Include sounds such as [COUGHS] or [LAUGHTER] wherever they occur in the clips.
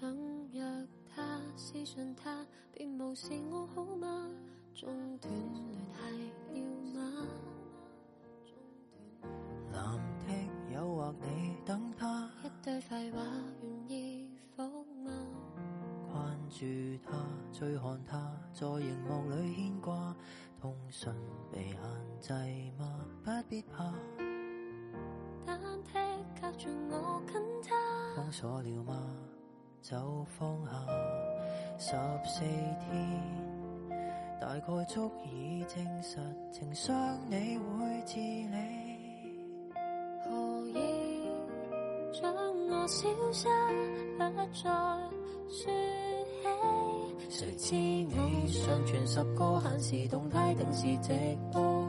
想約他，私信他，別無視我好嗎？中斷聯繫了嗎？藍剔誘惑你等他，一堆廢話願意否嗎？關注他，追看他，在熒幕裏牽掛，通訊被限制嗎？不必怕，單剔隔絕我跟他，封鎖了嗎？就放下十四天，大概足以證實情傷你會治理。何以將我消失不再說起？誰知你上傳十個，限時動態，定時直播。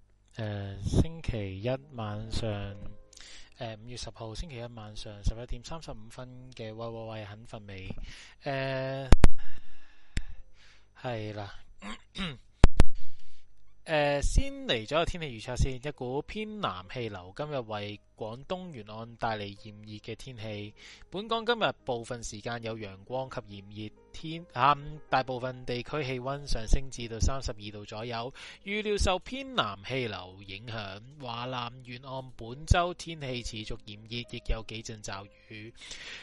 呃、星期一晚上，呃、五月十號星期一晚上十一點三十五分嘅喂喂喂，肯瞓未。誒、呃，係啦。 [COUGHS] 誒、呃，先嚟咗個天氣預測先。一股偏南氣流今日為廣東沿岸帶嚟炎熱嘅天氣。本港今日部分時間有陽光及炎熱天，嗯，下午大部分地區氣溫上升至到三十二度左右。預料受偏南氣流影響，華南沿岸本周天氣持續炎熱，亦有幾陣驟雨。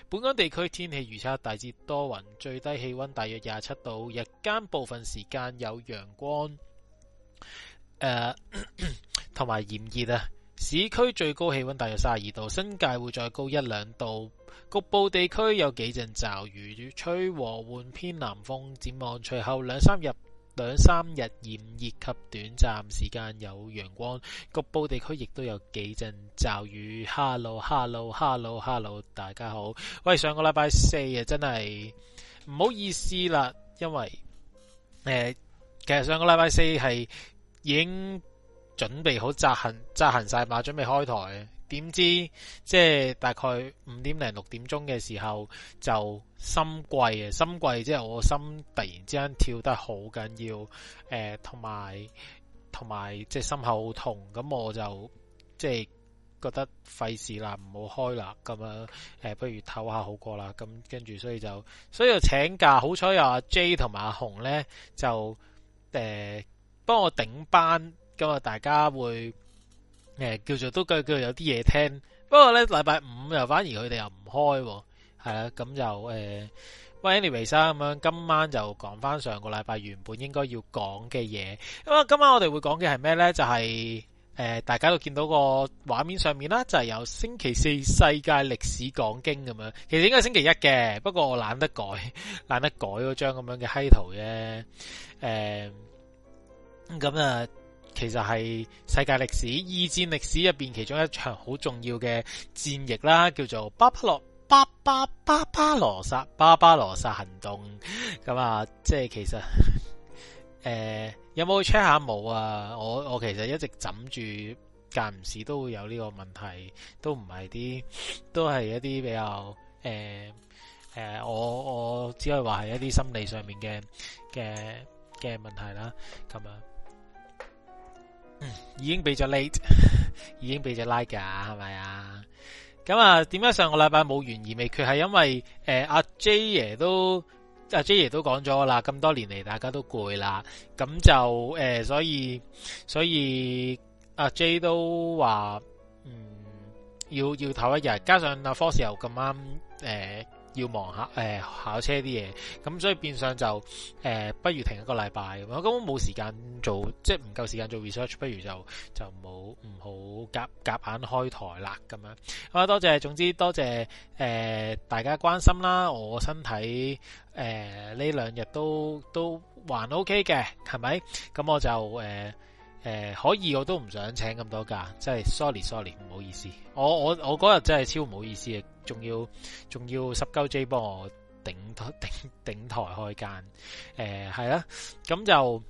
本港地區天氣預測大致多雲，最低氣溫大約廿七度，日間部分時間有陽光。誒、uh，同埋炎熱啊！市區最高氣温大約三十二度，新界會再高一兩度。局部地區有幾陣驟雨，吹和緩偏南風。展望隨後兩三日，兩三日炎熱及短暫時間有陽光。局部地區亦都有幾陣驟雨。Hello，Hello，Hello，Hello，Hello, Hello, Hello, Hello, 大家好。喂，上個禮拜四啊，真係唔好意思啦，因為誒。呃其實上個禮拜四係已經準備好執行執行晒馬準備開台點知即係大概五點零六點鐘嘅時候就心悸啊！心悸即係我心突然之間跳得好緊要，誒、呃，同埋同埋即係心口痛，咁我就即係覺得費事啦，唔好開啦，咁啊，誒，不，不如唞下好過啦。咁跟住所以就所以就請假，好彩有阿 J 同埋阿紅呢，就。誒、呃，幫我頂班，咁啊大家會誒、呃、叫做都叫叫有啲嘢聽，不過咧禮拜五又反而佢哋又唔開、啊，係啦、啊，咁就誒，anyways 咁樣，今晚就講翻上個禮拜原本應該要講嘅嘢，咁啊今晚我哋會講嘅係咩咧？就係、是。誒，大家都見到個畫面上面啦，就係有星期四世界歷史講經咁樣，其實應該係星期一嘅，不過我懶得改，懶得改嗰張咁樣嘅嗨圖嘅，誒、嗯，咁啊，其實係世界歷史二戰歷史入面其中一場好重要嘅戰役啦，叫做巴巴羅巴巴巴巴羅薩巴巴羅薩行動，咁啊，即係其實。誒、呃，有冇去 check 下冇啊？我我其實一直枕住，間唔時都會有呢個問題，都唔係啲，都係一啲比較誒誒、呃呃，我我只可以話係一啲心理上面嘅嘅嘅問題啦，咁啊、嗯，已經俾咗 late， [LAUGHS] 已經俾咗 like 㗎係咪啊？咁啊，點解上個禮拜冇完而未決係因為誒阿、呃啊、J 爺都。阿、啊、j i 都講咗啦，咁多年嚟大家都攰啦，咁就誒、呃，所以所以阿、啊、J 都話，嗯，要要唞一日，加上阿 Fossil 又咁啱誒。呃要忙下誒考車啲嘢，咁所以變相就誒，不如停一個禮拜。我根本冇時間做，即係唔夠時間做 research，不如就就冇唔好夾夾硬開台啦咁樣。咁、嗯、啊，多謝，總之多謝誒大家關心啦。我身體誒呢兩日都都還 OK 嘅，係咪？咁我就誒。誒誒、呃，可以，我都唔想請咁多假，真係 sorry sorry，唔好意思，我我我嗰日真係超唔好意思啊，仲要仲要十九 J 幫我頂頂頂頂台開間，誒係啦，咁就誒、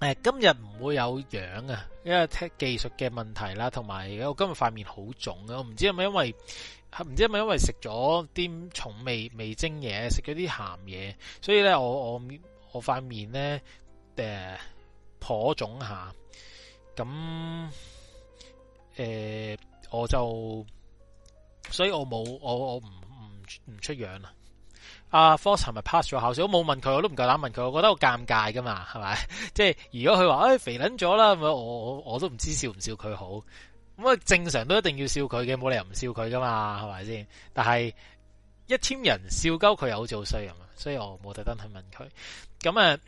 呃、今日唔會有樣啊，因為技術嘅問題啦，同埋我今日塊面好腫啊，我唔知係咪因為唔知係咪因為食咗啲重味味精嘢，食咗啲鹹嘢，所以咧我我面我塊面咧誒頗腫下。咁誒、呃，我就所以我冇我我唔唔唔出樣啦、啊。阿 Force 係咪 pass 咗考試，我冇問佢，我都唔夠膽問佢，我覺得好尷尬噶嘛，係咪？即、就、係、是、如果佢話誒肥撚咗啦，咁我我我都唔知笑唔笑佢好。咁啊正常都一定要笑佢嘅，冇理由唔笑佢噶嘛，係咪先？但係一千人笑鳩佢又好似好衰人，所以我冇特登去問佢。咁啊，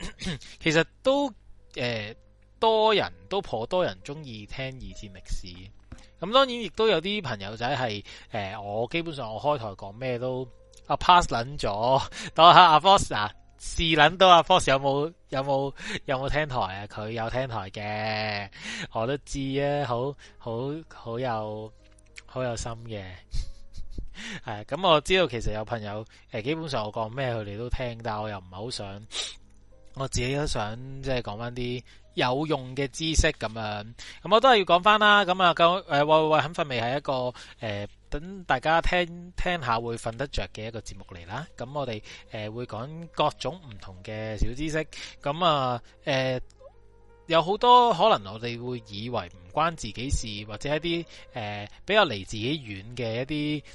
其實都誒。呃多人都頗多人中意聽二戰歷史，咁當然亦都有啲朋友仔係誒，我基本上我開台講咩都阿 pass 捻咗。等下阿 Force 試捻到阿 Force 有冇有冇有冇聽台啊？佢、啊啊啊啊，有，有，有，有，有，有聽台嘅，我都知啊，好好好有好有心嘅。係咁、欸、我知道其實有朋友誒、欸，基本上我講咩佢哋都聽，但係我又唔係好想，我自己都想即係講翻啲。有用嘅知識咁樣，咁我都係要講翻啦。咁啊，咁誒喂喂喂，肯瞓未？係、呃呃、一個誒、呃、等大家聽聽下會瞓得着嘅一個節目嚟啦。咁我哋誒、呃、會講各種唔同嘅小知識，咁啊誒有好多可能我哋會以為唔關自己事，或者是一啲誒、呃、比較離自己遠嘅一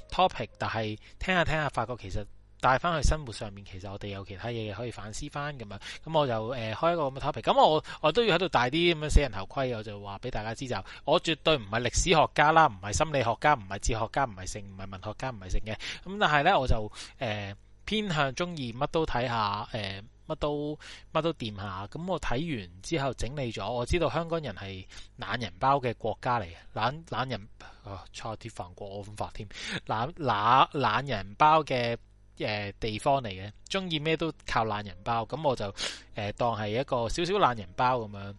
啲 topic，但係聽下聽下發覺其實。帶翻去生活上面，其實我哋有其他嘢可以反思翻咁樣。咁我就誒、呃、開一個咁嘅 topic。咁、嗯、我我都要喺度戴啲咁嘅死人頭盔，我就話俾大家知就係，我絕對唔係歷史學家啦，唔係心理學家，唔係哲學家，唔係成唔係文學家，唔係成嘅。咁、嗯、但係呢，我就誒、呃、偏向中意乜都睇下，誒、呃、乜都乜都掂下。咁、嗯、我睇完之後整理咗，我知道香港人係懶人包嘅國家嚟嘅，懶懶人啊、哎，差啲犯過我方法添，懶人包嘅。誒、呃、地方嚟嘅，中意咩都靠懶人包，咁我就、呃、當係一個少少懶人包咁樣。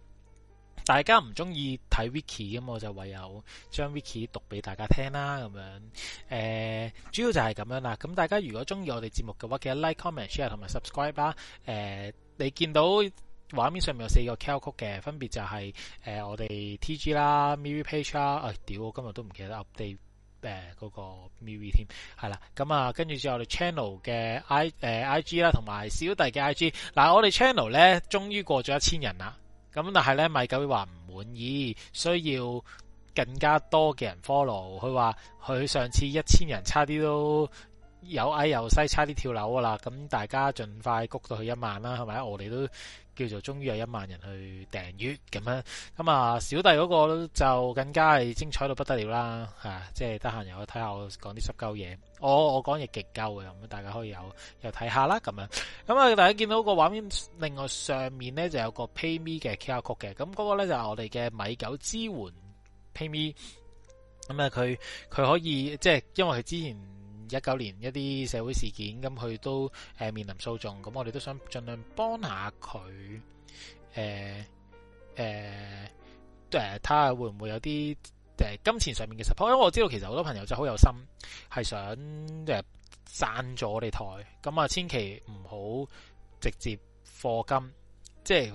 大家唔中意睇 wiki 咁，我就唯有將 wiki 讀俾大家聽啦咁樣、呃。主要就係咁樣啦。咁大家如果中意我哋節目嘅話，記得 like、 [LAUGHS] comment、share 同埋 subscribe 啦、呃。你見到畫面上面有四個 cal 曲嘅，分別就係、是呃、我哋 T.G. 啦、Mirror Page 啦。誒，屌！我今日都唔記得 update。誒、呃、嗰、那個 MV 添，係、嗯、啦，咁啊，跟住之後我哋 channel 嘅 I 誒 IG 啦，同埋小弟嘅 IG、啊。嗱，我哋 channel 咧終於過咗一千人啦，咁但係咧米九話唔滿意，需要更加多嘅人 follow。佢話佢上次一千人差啲都又矮又西，差啲跳樓啊啦。咁大家盡快谷到去一萬啦，係咪？我哋都～叫做終於有一萬人去訂閱咁樣，咁啊小弟嗰個就更加係精彩到不得了啦嚇、啊！即係得閒又去睇下我講啲濕鳩嘢，我我講嘢極鳩嘅咁，大家可以有又睇下啦咁樣。咁啊大家見到個畫面，另外上面呢就有個 PayMe 嘅 QR code 嘅，咁嗰、那個呢就係、是、我哋嘅米九支援 PayMe，咁啊佢佢可以即係因為佢之前。一九年一啲社會事件咁，佢都誒、呃、面臨訴訟，咁，我哋都想盡量幫下佢誒誒誒睇下會唔會有啲誒、呃、金錢上面嘅 support。因為我知道其實好多朋友就好有心，係想誒贊助我哋台，咁啊千祈唔好直接課金，即係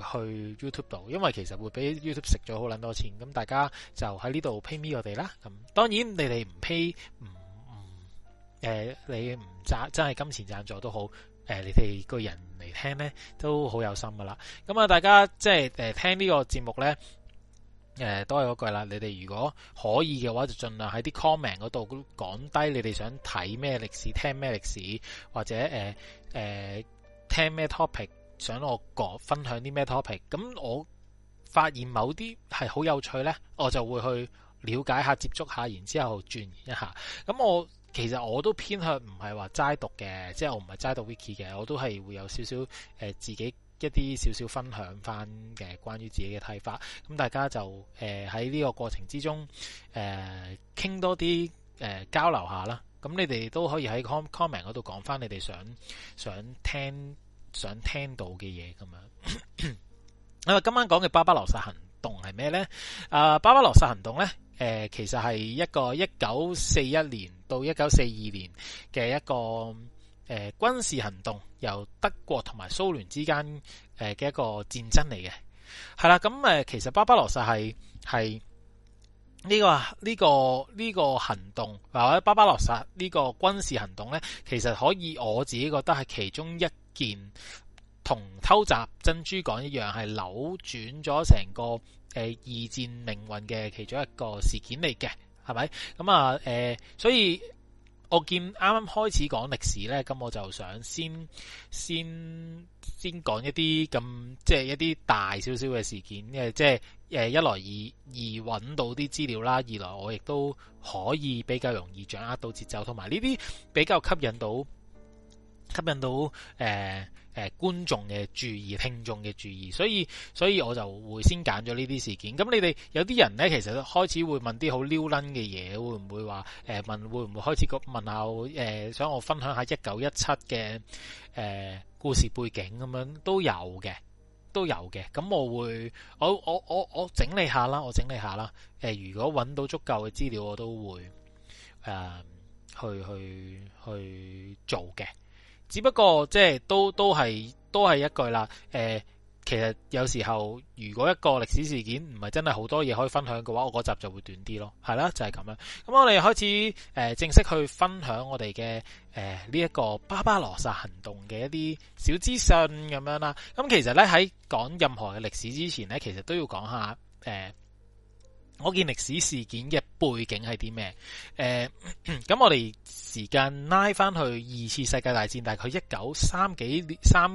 去 YouTube 度，因為其實會俾 YouTube 食咗好撚多錢，咁大家就喺呢度 pay me 我哋啦。咁當然你哋唔 pay 唔。誒、呃，你唔贊，真係金錢贊助都好。誒、呃，你哋個人嚟聽呢，都好有心噶啦。咁、嗯、啊，大家即係、呃、聽呢個節目呢，誒都係嗰句啦。你哋如果可以嘅話，就盡量喺啲 comment 嗰度講低你哋想睇咩歷史、聽咩歷史，或者誒、呃呃、聽咩 topic，想我講分享啲咩 topic。咁、嗯、我發現某啲係好有趣呢，我就會去了解下、接觸下，然之後鑽研一下。咁、嗯、我。其實我都偏向唔係話齋讀嘅，即係我唔係齋讀 wiki 嘅，我都係會有少少、呃、自己一啲少少分享翻嘅關於自己嘅睇法。咁、嗯、大家就誒喺呢個過程之中誒傾、呃、多啲誒、呃、交流下啦。咁、嗯、你哋都可以喺 com comment 嗰度講翻你哋想想聽想聽到嘅嘢咁樣。咁、嗯、啊， [COUGHS] 今晚講嘅巴巴羅薩行動係咩呢？啊，巴巴羅薩行動呢？誒、呃，其實係一個一九四一年到一九四二年嘅一個誒、呃、軍事行動，由德國同埋蘇聯之間誒嘅、呃、一個戰爭嚟嘅。係啦，咁、嗯、誒，其實巴巴羅薩係係呢個呢、呢個呢、呢個行動，或者巴巴羅薩呢個軍事行動呢，其實可以我自己覺得係其中一件。同偷襲珍珠港一樣，係扭轉咗成個誒、呃、二戰命運嘅其中一個事件嚟嘅，係咪？咁啊、呃、所以我見啱啱開始講歷史呢，咁我就想先先先講一啲咁即係一啲大少少嘅事件即係、呃、一來易易揾到啲資料啦，二來我亦都可以比較容易掌握到節奏，同埋呢啲比較吸引到。吸引到誒誒、呃呃、觀眾嘅注意，聽眾嘅注意，所以所以我就會先揀咗呢啲事件。咁你哋有啲人呢，其實開始會問啲好撩撚嘅嘢，會唔會話誒、呃、問會唔會開始個問下誒、呃？想我分享下一九一七嘅誒故事背景咁樣都有嘅都有嘅。咁我會我我我我整理下啦，我整理下啦。誒、呃，如果揾到足夠嘅資料，我都會誒、呃、去去去做嘅。只不過即係都都係都係一句啦，誒、呃，其實有時候，如果一個歷史事件唔係真係好多嘢可以分享嘅話，我嗰集就會短啲咯，係啦，就係、是、咁樣。咁、嗯、我哋開始誒、呃、正式去分享我哋嘅誒呢一個巴巴羅薩行動嘅一啲小資訊咁樣啦。咁、嗯、其實呢，喺講任何嘅歷史之前呢，其實都要講下誒。呃我見歷史事件嘅背景係啲咩？誒、呃、咁，我哋時間拉翻去二次世界大戰，大概一九三幾年三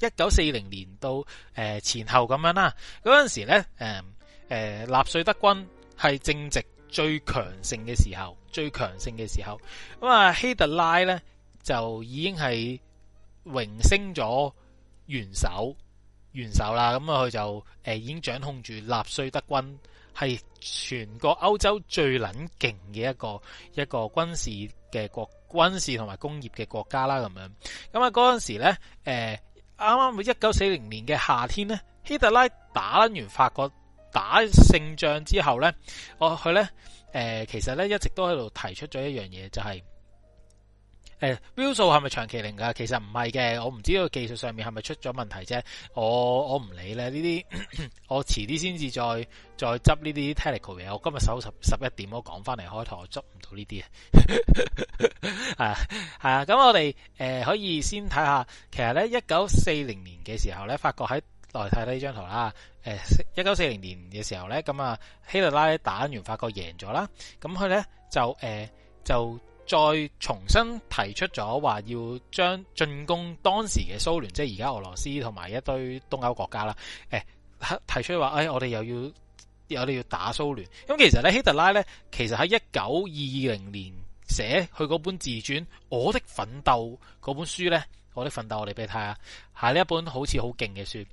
一九四零年到、呃、前後咁樣啦。嗰陣時呢，誒、呃、納、呃、粹德軍係正值最強盛嘅時候，最強盛嘅時候咁啊，希特拉呢就已經係榮升咗元首元首啦。咁啊，佢、呃、就已經掌控住納粹德軍。係全個歐洲最撚勁嘅一個一個軍事嘅國，軍事同埋工業嘅國家啦咁樣。咁啊嗰陣時呢，誒、呃，啱啱一九四零年嘅夏天呢，希特拉打完法國打勝仗之後呢，我佢呢誒、呃，其實呢一直都喺度提出咗一樣嘢，就係、是。誒、呃，標數係咪長期零噶？其實唔係嘅，我唔知個技術上面係咪出咗問題啫。我我唔理啦，呢啲我遲啲先至再再執呢啲 technical 嘢。我今日收十十一點我趕翻嚟開台，執唔到呢啲啊。係係啊，咁、啊、我哋誒、呃、可以先睇下，其實咧一九四零年嘅時候咧，法國喺來睇睇呢張圖啦。誒、呃，一九四零年嘅時候咧，咁啊希特拉打完法國贏咗啦，咁佢咧就誒就。呃就再重新提出咗話要將進攻當時嘅蘇聯，即係而家俄羅斯同埋一堆東歐國家啦。誒，提出話，誒、哎，我哋又要，我哋要打蘇聯。咁其實咧，希特拉咧，其實喺一九二零年寫佢嗰本自傳《我的奮鬥》嗰本書咧，《我的奮鬥》，我哋俾你睇下，係呢一本好似好勁嘅書。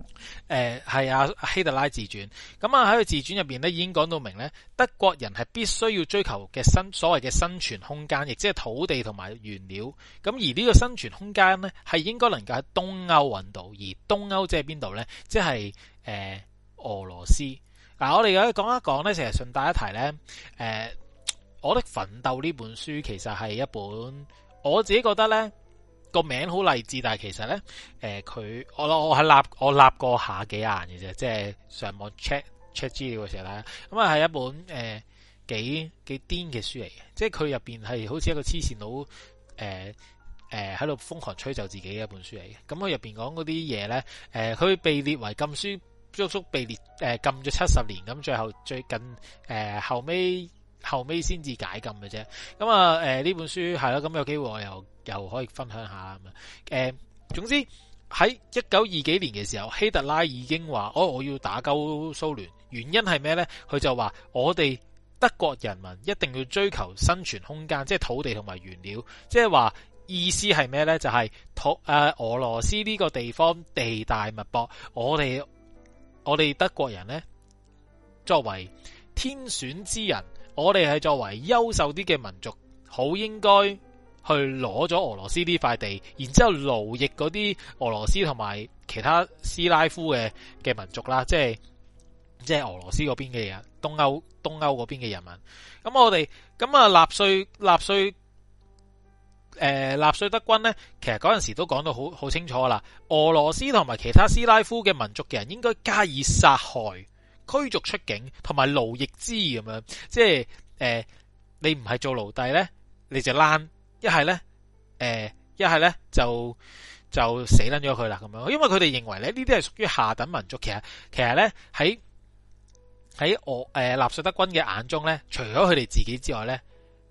誒、呃，係啊，希特拉自傳，咁啊喺佢自傳入邊咧，已經講到明咧，德國人係必須要追求嘅生，所謂嘅生存空間，亦即係土地同埋原料。咁、嗯、而呢個生存空間咧，係應該能夠喺東歐搵到，而東歐即係邊度咧？即係誒、呃，俄羅斯。嗱、嗯，我哋而家講一講咧，成日順帶一提咧，誒、呃，我的奮鬥呢本書其實係一本，我自己覺得咧。個名好勵志，但係其實咧，誒、呃，佢我我我係我立過下幾眼嘅啫，即、就、係、是、上網 check check 資料嘅時候咧，咁啊係一本誒、呃、幾幾癲嘅書嚟嘅，即係佢入邊係好似一個黐線佬，誒誒喺度瘋狂吹奏自己嘅一本書嚟嘅，咁佢入邊講嗰啲嘢咧，誒、呃，佢被列為禁書，足足被列誒、呃、禁咗七十年，咁最後最近誒、呃、後尾後尾先至解禁嘅啫，咁啊誒呢本書係啦，咁有機會我又。又可以分享下誒、嗯，總之喺一九二幾年嘅時候，希特拉已經話：我、哦、我要打鳩蘇聯。原因係咩呢？佢就話：我哋德國人民一定要追求生存空間，即係土地同埋原料。即係話意思係咩呢？就係、土、誒、呃、俄羅斯呢個地方地大物博，我哋我哋德國人呢，作為天選之人，我哋係作為優秀啲嘅民族，好應該。去攞咗俄羅斯呢塊地，然之後奴役嗰啲俄羅斯同埋其他斯拉夫嘅嘅民族啦，即係即係俄羅斯嗰邊嘅人，東歐東歐嗰邊嘅人民。咁、嗯、我哋咁啊，納粹納粹誒，納粹、呃、德軍呢，其實嗰陣時都講到好好清楚啦。俄羅斯同埋其他斯拉夫嘅民族嘅人，應該加以殺害、驅逐出境同埋奴役之咁樣。即係誒、呃，你唔係做奴隸呢，你就躝。一係咧，誒、呃，一係咧就就死撚咗佢啦，咁樣，因為佢哋認為咧，呢啲係屬於下等民族。其實，其實咧喺喺我誒、呃、納粹德軍嘅眼中咧，除咗佢哋自己之外咧，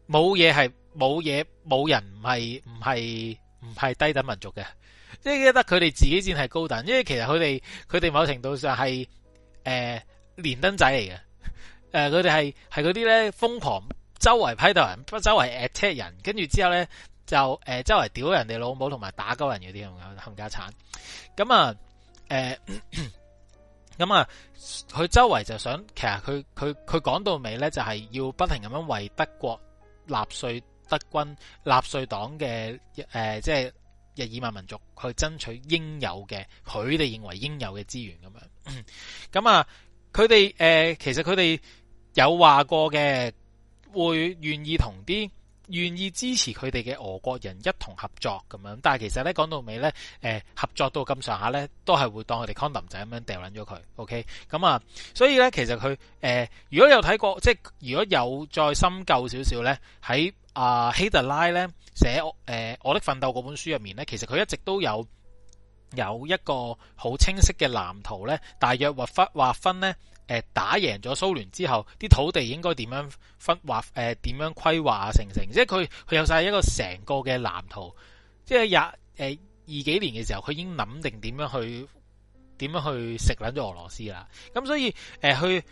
冇嘢係冇嘢冇人唔係唔係唔係低等民族嘅，即係得佢哋自己先係高等。因為其實佢哋佢哋某程度上係誒、呃、連登仔嚟嘅，誒佢哋係係嗰啲咧瘋狂。周圍批鬥人，不周圍 at 人，跟住之後咧就誒周圍屌人哋老母，同埋打鳩人嗰啲咁嘅冚家鏟。咁啊誒，咁啊佢、啊、周圍就想，其實佢佢佢講到尾咧，就係要不停咁樣為德國納粹德軍納粹黨嘅誒，即係日耳曼民族去爭取應有嘅，佢哋認為應有嘅資源咁樣。咁啊，佢哋誒，其實佢哋有話過嘅。會願意同啲願意支持佢哋嘅俄國人一同合作咁樣，但係其實咧講到尾咧，誒、呃、合作到咁上下咧，都係會當佢哋 condom 仔咁樣掉撚咗佢。OK，咁啊，所以咧其實佢誒、呃，如果有睇過，即係如果有再深究少少咧，喺阿、呃、希特拉咧寫誒、呃《我的奮鬥》嗰本書入面咧，其實佢一直都有有一個好清晰嘅藍圖咧，大約劃分劃分咧。打贏咗蘇聯之後，啲土地應該點樣分劃？呃、點樣規劃啊？成成，即係佢佢有晒一個成個嘅藍圖，即係廿二、呃、二幾年嘅時候，佢已經諗定點樣去點樣去食撚咗俄羅斯啦。咁所以誒，去、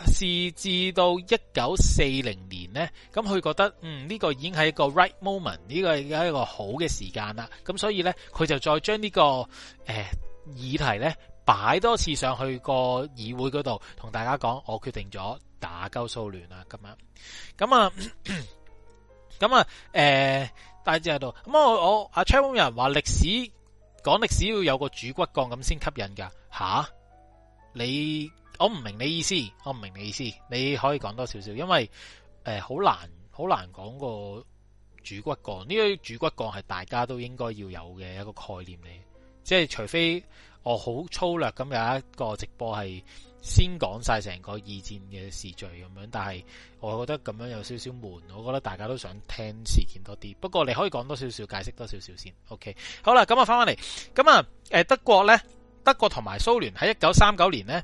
呃、時時至到一九四零年呢，咁佢覺得嗯呢、這個已經係一個 right moment，呢個已經係一個好嘅時間啦。咁所以呢，佢就再將呢、這個誒、呃、議題呢。擺多次上去個議會嗰度，同大家講，我決定咗打鳩蘇聯啦，咁樣咁啊，咁啊，誒、呃，大志喺度，咁我我阿 Charles 人話歷史講歷史要有個主骨幹咁先吸引噶。吓、啊、你我唔明你意思，我唔明你意思，你可以講多少少，因為誒好、呃、難好難講個主骨幹，呢個主骨幹係大家都應該要有嘅一個概念嚟，即係除非。我好粗略咁有一個直播係先講晒成個二戰嘅時序咁樣，但係我覺得咁樣有少少悶，我覺得大家都想聽事件多啲。不過你可以講多少少解釋多少少先。OK，好啦，咁啊翻返嚟，咁啊誒德國呢，德國同埋蘇聯喺一九三九年呢，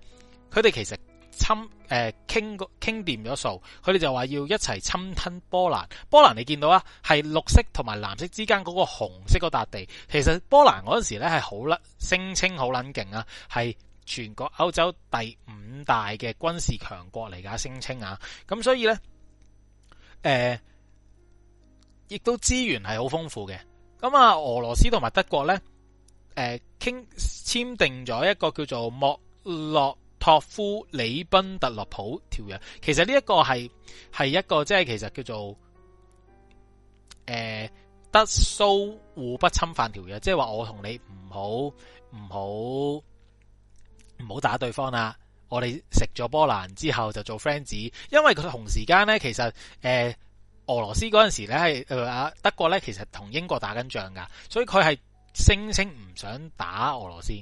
佢哋其實。侵誒傾個傾掂咗數，佢、呃、哋就話要一齊侵吞波蘭。波蘭你見到啊，係綠色同埋藍色之間嗰個紅色嗰笪地。其實波蘭嗰陣時咧係好冷，聲稱好冷勁啊，係全國歐洲第五大嘅軍事強國嚟㗎聲稱啊，咁所以呢，誒、呃，亦都資源係好豐富嘅。咁啊，俄羅斯同埋德國呢，誒、呃、傾簽訂咗一個叫做莫洛托夫里賓特洛普條約，其實呢一個係係一個即係其實叫做誒德蘇互不侵犯條約，即係話我同你唔好唔好唔好打對方啦，我哋食咗波蘭之後就做 friends，因為佢同時間呢，其實誒、呃、俄羅斯嗰陣時咧係誒啊德國咧其實同英國打緊仗噶，所以佢係聲稱唔想打俄羅斯。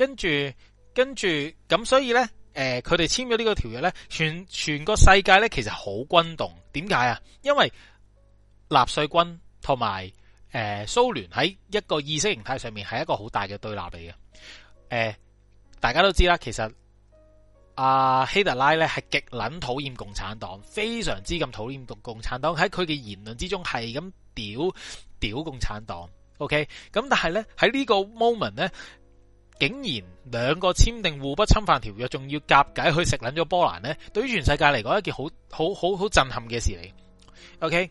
跟住，跟住咁，所以呢，誒、呃，佢哋簽咗呢個條約呢，全全個世界呢其實好轟動。點解啊？因為納粹軍同埋誒蘇聯喺一個意識形態上面係一個好大嘅對立嚟嘅。誒、呃，大家都知啦，其實阿、啊、希特拉呢係極撚討厭共產黨，非常之咁討厭共共產黨，喺佢嘅言論之中係咁屌屌共產黨。OK，咁但係呢，喺呢個 moment 呢。竟然兩個簽訂互不侵犯條約，仲要夾計去食撚咗波蘭呢，對於全世界嚟講一件好好好好震撼嘅事嚟。OK，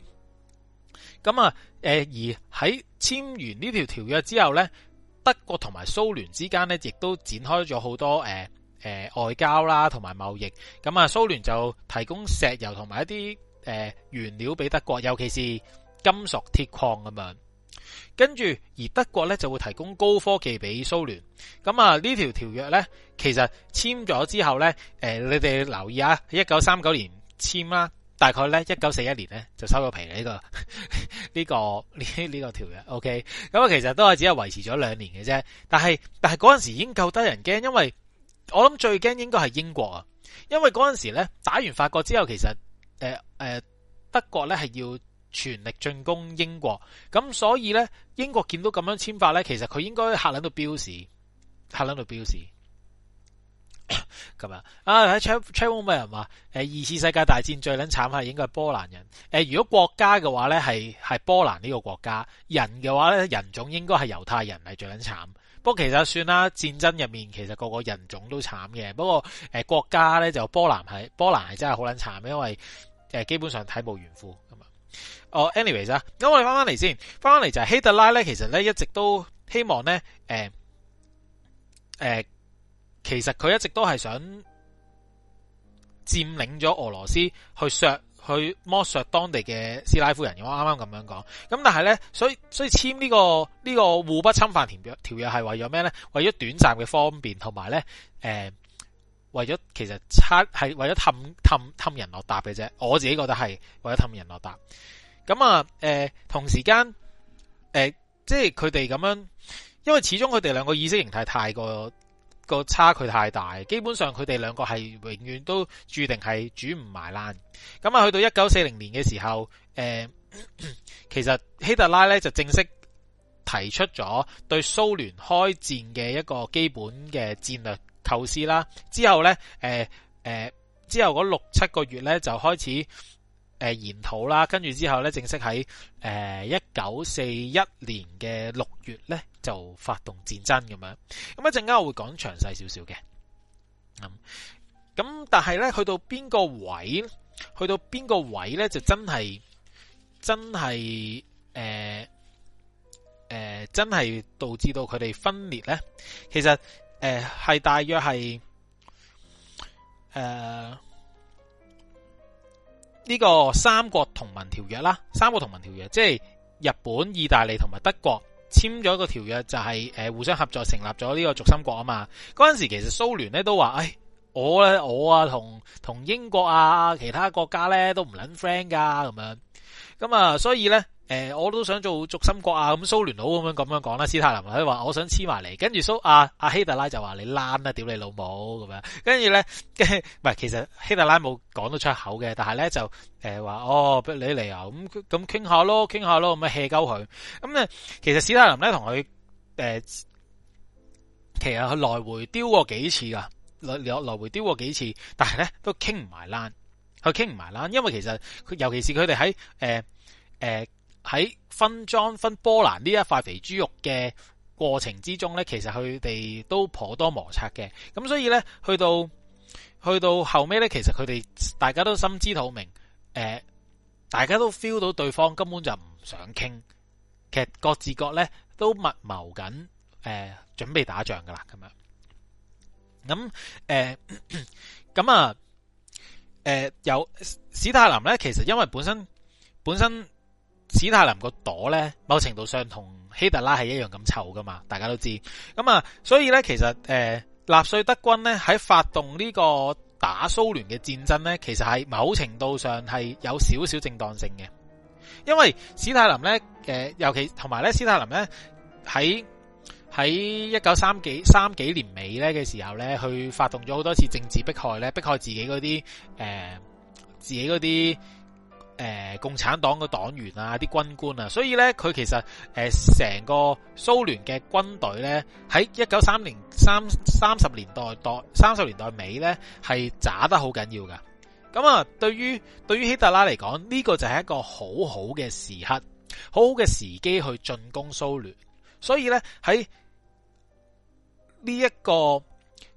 咁啊，誒，而喺簽完呢條條約之後呢，德國同埋蘇聯之間呢，亦都展開咗好多誒誒、呃呃、外交啦，同埋貿易。咁、嗯、啊，蘇聯就提供石油同埋一啲誒、呃、原料俾德國，尤其是金屬鐵礦咁樣。跟住，而德國呢就會提供高科技俾蘇聯。咁啊，呢條條約呢，其實簽咗之後呢，誒、呃，你哋留意下、啊，一九三九年簽啦，大概呢，一九四一年呢，就收咗皮呢、呢個呢、呢個呢呢、呢個條約，OK、嗯。咁其實都係只係維持咗兩年嘅啫。但係但係嗰陣時已經夠得人驚，因為我諗最驚應該係英國啊，因為嗰陣時呢，打完法國之後，其實誒誒、呃呃、德國呢係要。全力進攻英國，咁所以呢，英國見到咁樣簽法呢，其實佢應該嚇撚到飆屎。嚇撚到飆屎，咁啊！啊喺 Ch c h a u v i n i a 話，二次世界大戰最撚慘係應該係波蘭人、啊。如果國家嘅話呢，係波蘭呢個國家人嘅話呢，人種應該係猶太人係最撚慘。不過其實算啦，戰爭入面其實個個人種都慘嘅。不過、啊、國家呢，就波蘭係波蘭係真係好撚慘，因為基本上體無完膚。哦，anyways 啊，咁我哋翻翻嚟先，翻翻嚟就係希特拉咧，其實咧一直都希望咧，誒，誒，其實佢一直都係想佔領咗俄羅斯去，去削去剝削當地嘅斯拉夫人，我啱啱咁樣講，咁但係咧，所以所以簽呢個呢個互不侵犯條約條約係為咗咩咧？為咗短暫嘅方便，同埋咧，誒。為咗其實差係為咗氹氹氹人落答嘅啫，我自己覺得係為咗氹人落答。咁啊，誒、呃、同時間，誒、呃、即係佢哋咁樣，因為始終佢哋兩個意識形態太過個差距太大，基本上佢哋兩個係永遠都注定係煮唔埋爛。咁啊，去到一九四零年嘅時候，誒、呃、其實希特拉咧就正式提出咗對蘇聯開戰嘅一個基本嘅戰略。構思啦，之後呢，誒、呃、誒、呃，之後嗰六七個月呢，就開始誒、呃、研討啦，跟住之後呢，正式喺誒一九四一年嘅六月呢，就發動戰爭咁樣。咁一陣間我會講詳細少少嘅。咁但係呢，去到邊個位，去到邊個位呢？就真係真係誒誒，真係、呃呃、導致到佢哋分裂呢。其實。誒、呃，係大約係誒呢個三國同盟條約啦，三國同盟條約，即係日本、意大利同埋德國簽咗個條約、就係，就係誒互相合作成立咗呢個軸心國啊嘛。嗰陣時候其實蘇聯咧都話，誒、哎、我咧我啊同同英國啊其他國家咧都唔捻 friend 噶咁樣。咁啊，所以咧，誒、呃，我都想做軸心國啊，咁蘇聯佬咁樣咁樣講啦。史太林佢話：我想黐埋嚟，跟住蘇阿阿、啊啊、希特拉就話：你爛啦、啊，屌你老母咁樣。跟住咧，唔 [LAUGHS] 係其實希特拉冇講到出口嘅，但係咧就誒話、欸：哦，不如你嚟啊，咁咁傾下咯，傾下咯，咁樣 hea 鳩佢。咁咧，其實史太林咧同佢誒，其實佢來回丟過幾次啊，來來回丟過幾次，但係咧都傾唔埋爛。佢傾唔埋啦，因為其實尤其是佢哋喺誒喺分贓分波蘭呢一塊肥豬肉嘅過程之中呢，其實佢哋都頗多摩擦嘅。咁所以呢，去到去到後尾呢，其實佢哋大家都心知肚明，呃，大家都 feel 到對方根本就唔想傾，其實各自各呢都密謀緊，誒、呃、準備打仗噶啦咁樣。咁誒咁啊！誒、呃，有史太林咧，其實因為本身本身史太林個朵咧，某程度上同希特拉係一樣咁臭噶嘛，大家都知。咁、嗯、啊，所以咧，其實誒、呃，納粹德軍咧喺發動呢個打蘇聯嘅戰爭咧，其實係某程度上係有少少正當性嘅，因為史太林咧，誒、呃，尤其同埋咧，史太林咧喺。喺一九三幾三幾年尾呢嘅時候呢，去發動咗好多次政治迫害呢，迫害自己嗰啲誒，自己嗰啲誒共產黨嘅黨員啊，啲軍官啊，所以呢，佢其實誒成個蘇聯嘅軍隊呢，喺一九三零三三十年代代三十年代尾呢，係渣得好緊要噶。咁啊，對於對於希特拉嚟講，呢個就係一個好好嘅時刻，好好嘅時機去進攻蘇聯。所以咧喺呢一個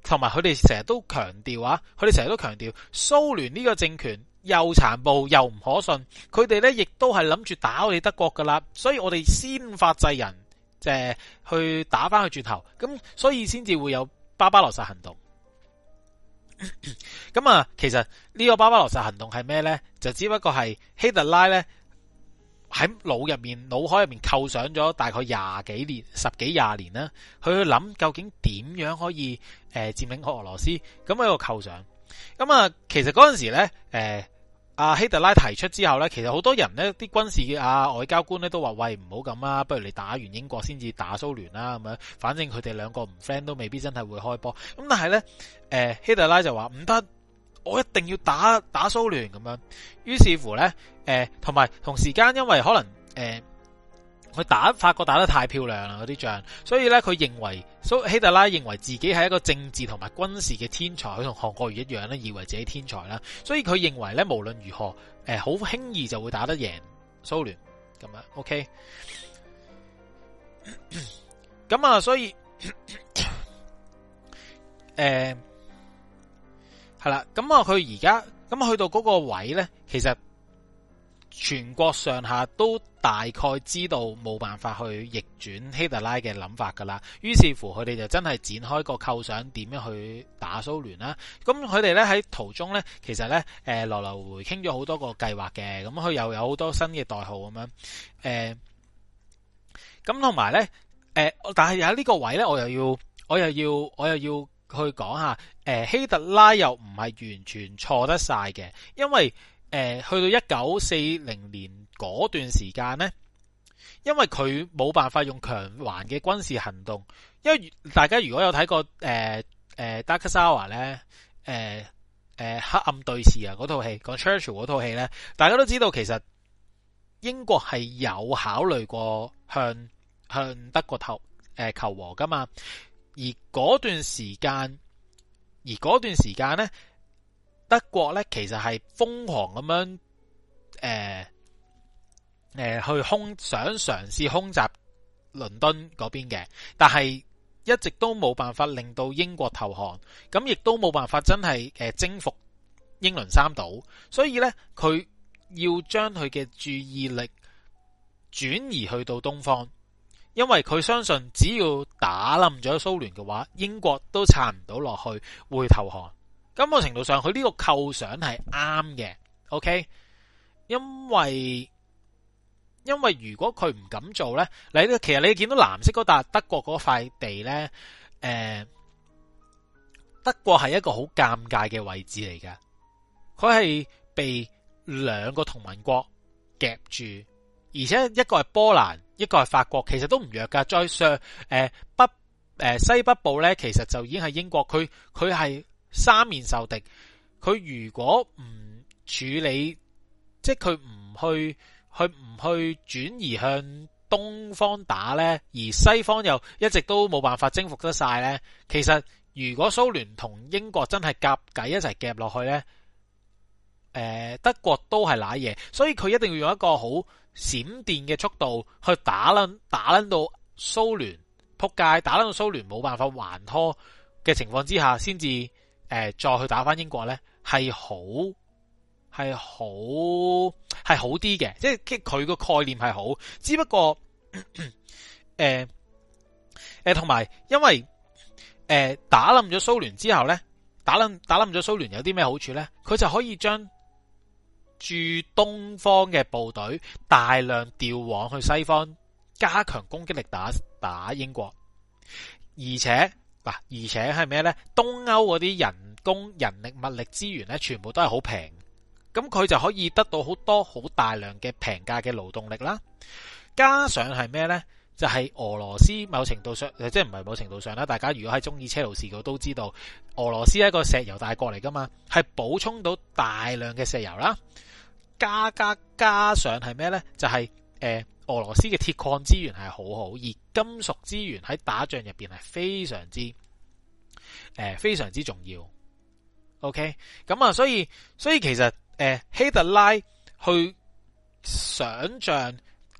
同埋佢哋成日都強調啊，佢哋成日都強調蘇聯呢個政權又殘暴又唔可信，佢哋咧亦都係諗住打我哋德國噶啦，所以我哋先發制人，就係去打翻佢轉頭，咁所以先至會有巴巴羅薩行動。咁啊，其實呢個巴巴羅薩行動係咩呢？就只不過係希特拉咧。喺腦入面、腦海入面構想咗大概廿幾年、十幾廿年啦，佢去諗究竟點樣可以誒佔、呃、領好俄羅斯？咁喺度構想，咁、嗯、啊，其實嗰陣時咧，誒、呃、阿、啊、希特拉提出之後呢，其實好多人呢啲軍事啊外交官呢都話：喂，唔好咁啊，不如你打完英國先至打蘇聯啦，咁樣，反正佢哋兩個唔 friend 都未必真係會開波。咁但係呢、呃，希特拉就話唔得。我一定要打打蘇聯咁樣，於是乎呢，誒、呃，同埋同時間，因為可能誒，佢、呃、打法國打得太漂亮啦，嗰啲仗，所以呢，佢認為蘇希特拉認為自己係一個政治同埋軍事嘅天才，佢同韓國瑜一樣呢，以為自己天才啦，所以佢認為呢，無論如何，誒、呃，好輕易就會打得贏蘇聯咁樣，OK，咁 [COUGHS] 啊，所以，誒。 [COUGHS] 呃係啦，咁啊，佢而家咁去到嗰個位呢，其實全國上下都大概知道冇辦法去逆轉希特拉嘅諗法噶啦。於是乎，佢哋就真係展開個構想，點樣去打蘇聯啦。咁佢哋呢喺途中呢，其實呢，誒、呃，來來回傾咗好多個計劃嘅。咁佢又有好多新嘅代號咁樣，誒、呃，咁同埋呢，誒、呃，但係喺呢個位呢，我又要，我又要，我又要去講下。誒，希特拉又唔係完全錯得晒嘅，因為誒、呃、去到一九四零年嗰段時間呢，因為佢冇辦法用強橫嘅軍事行動，因為大家如果有睇過誒誒《Darkest Hour》咧，誒、呃、誒、呃呃、黑暗對峙啊嗰套戲，講 Churchill 嗰套戲咧，大家都知道其實英國係有考慮過向向德國投誒、呃、求和噶嘛，而嗰段時間。而嗰段時間呢，德國呢其實係瘋狂咁樣，誒誒去空想嘗試空襲倫敦嗰邊嘅，但係一直都冇辦法令到英國投降，咁亦都冇辦法真係誒征服英倫三島，所以呢，佢要將佢嘅注意力轉移去到東方。因為佢相信，只要打冧咗蘇聯嘅話，英國都撐唔到落去，會投降。咁個程度上，佢呢個構想係啱嘅。OK，因為因為如果佢唔敢做呢，嗱，其實你見到藍色嗰笪德國嗰塊地呢，誒，德國係、呃、一個好尷尬嘅位置嚟噶，佢係被兩個同盟國夾住。而且一個係波蘭，一個係法國，其實都唔弱㗎。再上誒、呃、北誒、呃、西北部呢，其實就已經係英國。佢佢係三面受敵，佢如果唔處理，即係佢唔去去唔去轉移向東方打呢，而西方又一直都冇辦法征服得晒呢。其實如果蘇聯同英國真係夾計一齊夾落去呢，誒、呃、德國都係瀨嘢，所以佢一定要用一個好。閃電嘅速度去打冧，打冧到蘇聯扑街，打冧到蘇聯冇辦法還拖嘅情況之下才，先至誒再去打返英國咧，係好係好係好啲嘅，即係佢個概念係好。只不過誒誒，同埋、呃呃、因為誒、呃、打冧咗蘇聯之後咧，打冧，打冧咗蘇聯有啲咩好處咧？佢就可以將。駐東方嘅部隊大量調往去西方，加強攻擊力打打英國，而且嗱、啊，而且係咩呢？東歐嗰啲人工、人力、物力資源呢，全部都係好平，咁佢就可以得到好多好大量嘅平價嘅勞動力啦，加上係咩呢？就係俄羅斯某程度上，即係唔係某程度上啦。大家如果喺中意車路士嘅都知道，俄羅斯係一個石油大國嚟噶嘛，係補充到大量嘅石油啦。加加加上係咩呢？就係誒，俄羅斯嘅鐵礦資源係好好，而金屬資源喺打仗入邊係非常之誒，非常之重要。OK，咁啊，所以所以其實誒，希特拉去想象。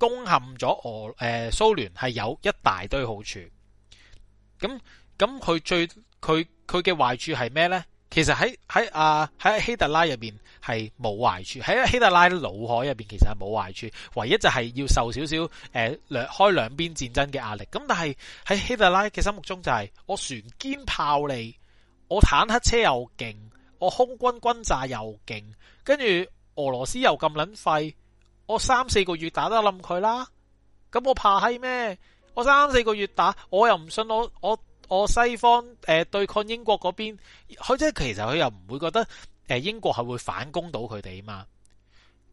攻陷咗俄、誒蘇聯，係有一大堆好處，咁咁佢最佢佢嘅壞處係咩呢？其實喺喺啊喺希特拉入邊係冇壞處，喺希特拉腦海入邊其實係冇壞處，唯一就係要受少少誒兩開兩邊戰爭嘅壓力。咁但係喺希特拉嘅心目中就係、是、我船堅炮利，我坦克車又勁，我空軍轟炸又勁，跟住俄羅斯又咁撚廢。我三四個月打得冧佢啦，咁我怕係咩？我三四個月打，我又唔信我我我西方誒、呃、對抗英國嗰邊佢，即係其實佢又唔會覺得誒、呃、英國係會反攻到佢哋嘛。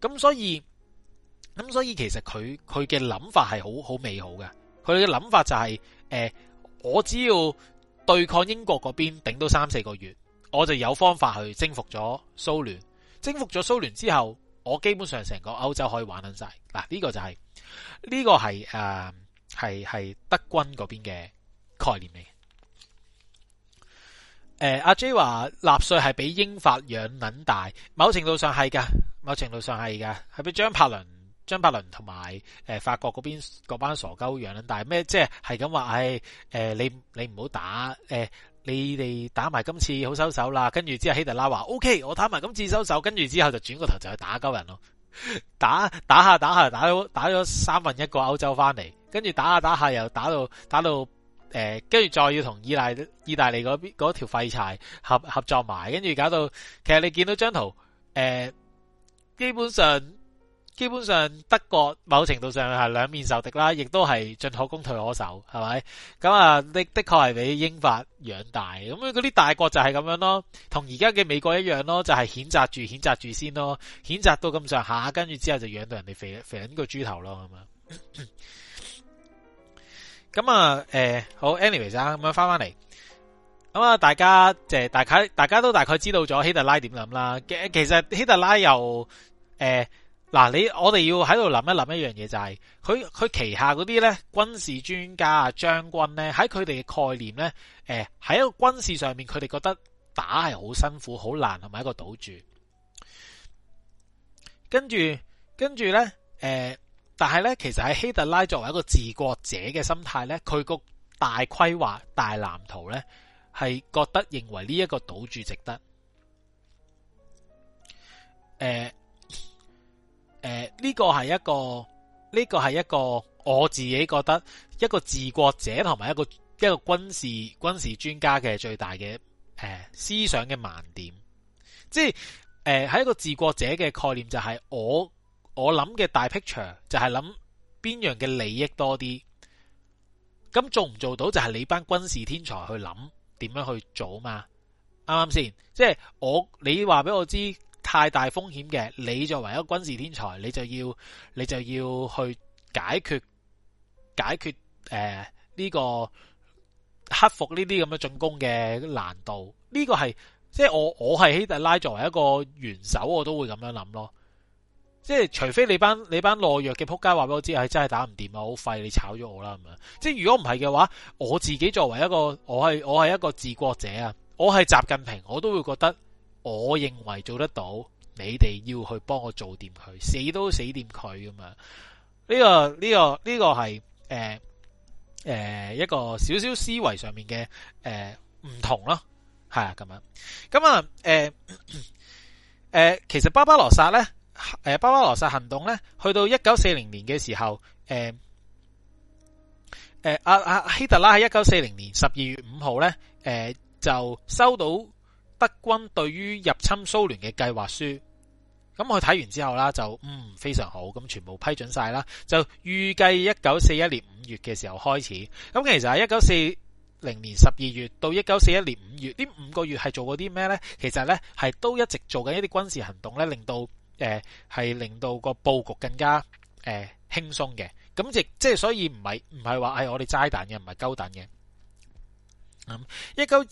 咁所以咁所以其實佢佢嘅諗法係好好美好嘅，佢嘅諗法就係、是、誒、呃、我只要對抗英國嗰邊頂到三四個月，我就有方法去征服咗蘇聯，征服咗蘇聯之後。我基本上成個歐洲可以玩撚晒。嗱、呢、呢個就係、係、呢、呢個係誒係係德軍嗰邊嘅概念嚟。誒、呃、阿 J 話納粹係畀英法養捻大，某程度上係噶，某程度上係噶，係畀張伯倫張伯倫同埋誒法國嗰邊嗰班傻鳩養捻大咩？即係係咁話，唉、就係，誒、哎呃、你你唔好打誒。呃你哋打埋今次好收手啦，跟住之後希特拉話：OK，我打埋今次收手，跟住之後就轉個頭就去打鳩人咯，打打下打下打咗打咗三分一個歐洲翻嚟，跟住打下打下又打到打到，誒、呃，跟住再要同意大意大利嗰邊嗰條廢柴合合作埋，跟住搞到，其實你見到張圖，誒、呃，基本上。基本上德國某程度上係兩面受敵啦，亦都係進可攻退可守，係咪？咁啊，的的確係俾英法養大，咁啊啲大國就係咁樣咯，同而家嘅美國一樣咯，就係、是、譴責住譴責住先咯，譴責到咁上下，跟住之後就養到人哋肥肥緊個豬頭咯，咁啊。咁啊，誒、呃，好，anyways 啊，咁樣返返嚟，咁啊，大家即係、呃、大概，大家都大概知道咗希特拉點諗啦。其實希特拉又誒。呃嗱，你我哋要喺度諗一諗一樣嘢，就是，就係佢佢旗下嗰啲咧軍事專家啊將軍咧喺佢哋嘅概念咧，誒、呃、喺一個軍事上面佢哋覺得打係好辛苦好難同埋一個賭注，跟住跟住咧，誒、呃，但係咧其實喺希特拉作為一個治國者嘅心態咧，佢個大規劃大藍圖咧係覺得認為呢一個賭注值得，誒、呃。誒、呃，呢、這個係一個，呢、這個係一個，我自己覺得一個治國者同埋一個一個軍事軍事專家嘅最大嘅誒、呃、思想嘅盲點，即係誒喺一個治國者嘅概念就係我我諗嘅大 picture 就係諗邊樣嘅利益多啲，咁做唔做到就係你班軍事天才去諗點樣去做嘛，啱唔啱先？即係我你話俾我知。太大風險嘅，你作為一個軍事天才，你就要你就要去解決解決誒呢、呃呢個克服呢啲咁嘅進攻嘅難度。呢、呢個係即係我我係希特拉作為一個元首，我都會咁樣諗咯。即係除非你班你班懦弱嘅扑街話俾我知係、哎、真係打唔掂啊，好廢，你炒咗我啦咁樣。即係如果唔係嘅話，我自己作為一個我係我係一個治國者啊，我係習近平，我都會覺得。我認為做得到，你哋要去幫我做掂佢，死都死掂佢咁啊！呢個呢個呢個係誒誒一個少少思維上面嘅誒唔同咯，係啊咁樣。咁啊誒誒，其實巴巴羅薩呢，誒巴巴羅薩行動呢，去到一九四零年嘅時候，誒誒阿阿希特拉喺一九四零年十二月五號呢，誒、呃、就收到。德軍對於入侵蘇聯嘅計劃書，咁佢睇完之後啦，就嗯非常好，咁全部批准晒啦，就預計一九四一年五月嘅時候開始。咁其實喺一九四零年十二月到一九四一年五月呢五個月係做過啲咩呢？其實呢，係都一直做緊一啲軍事行動呢令到誒係、呃、令到個布局更加誒輕鬆嘅。咁亦即係所以唔係唔係話係我哋齋彈嘅，唔係鳩彈嘅。一、嗯、九。19...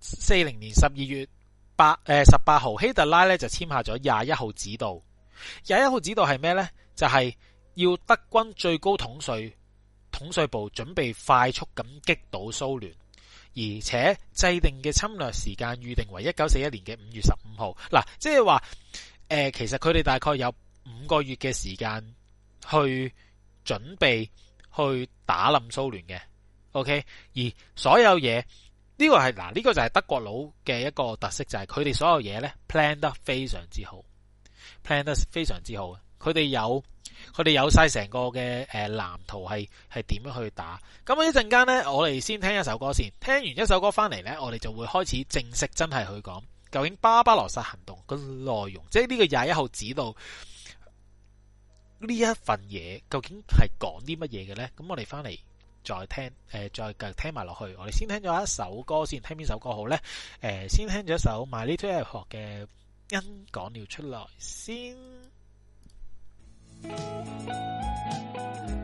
四零年十二月八誒十八號，希特拉咧就簽下咗廿一號指導。廿一號指導係咩呢？就係、是、要德軍最高統帥統帥部準備快速咁擊倒蘇聯，而且制定嘅侵略時間預定為一九四一年嘅五月十五號。嗱、啊，即係話誒，其實佢哋大概有五個月嘅時間去準備去打冧蘇聯嘅。OK，而所有嘢。呢個係嗱，呢個就係德國佬嘅一個特色，就係佢哋所有嘢呢 plan 得非常之好，plan 得非常之好嘅。佢哋有佢哋有晒成個嘅誒藍圖係係點樣去打。咁一陣間呢，我哋先聽一首歌先。聽完一首歌翻嚟呢，我哋就會開始正式真係去講究竟巴巴羅薩行動嘅內容，即係呢個廿一號指導呢一份嘢究竟係講啲乜嘢嘅呢？咁我哋翻嚟。再聽誒、呃，再繼續聽埋落去。我哋先聽咗一首歌先，聽邊首歌好咧、呃？先聽咗首 My Little Airport 嘅《音講了》出來先。嗯嗯嗯嗯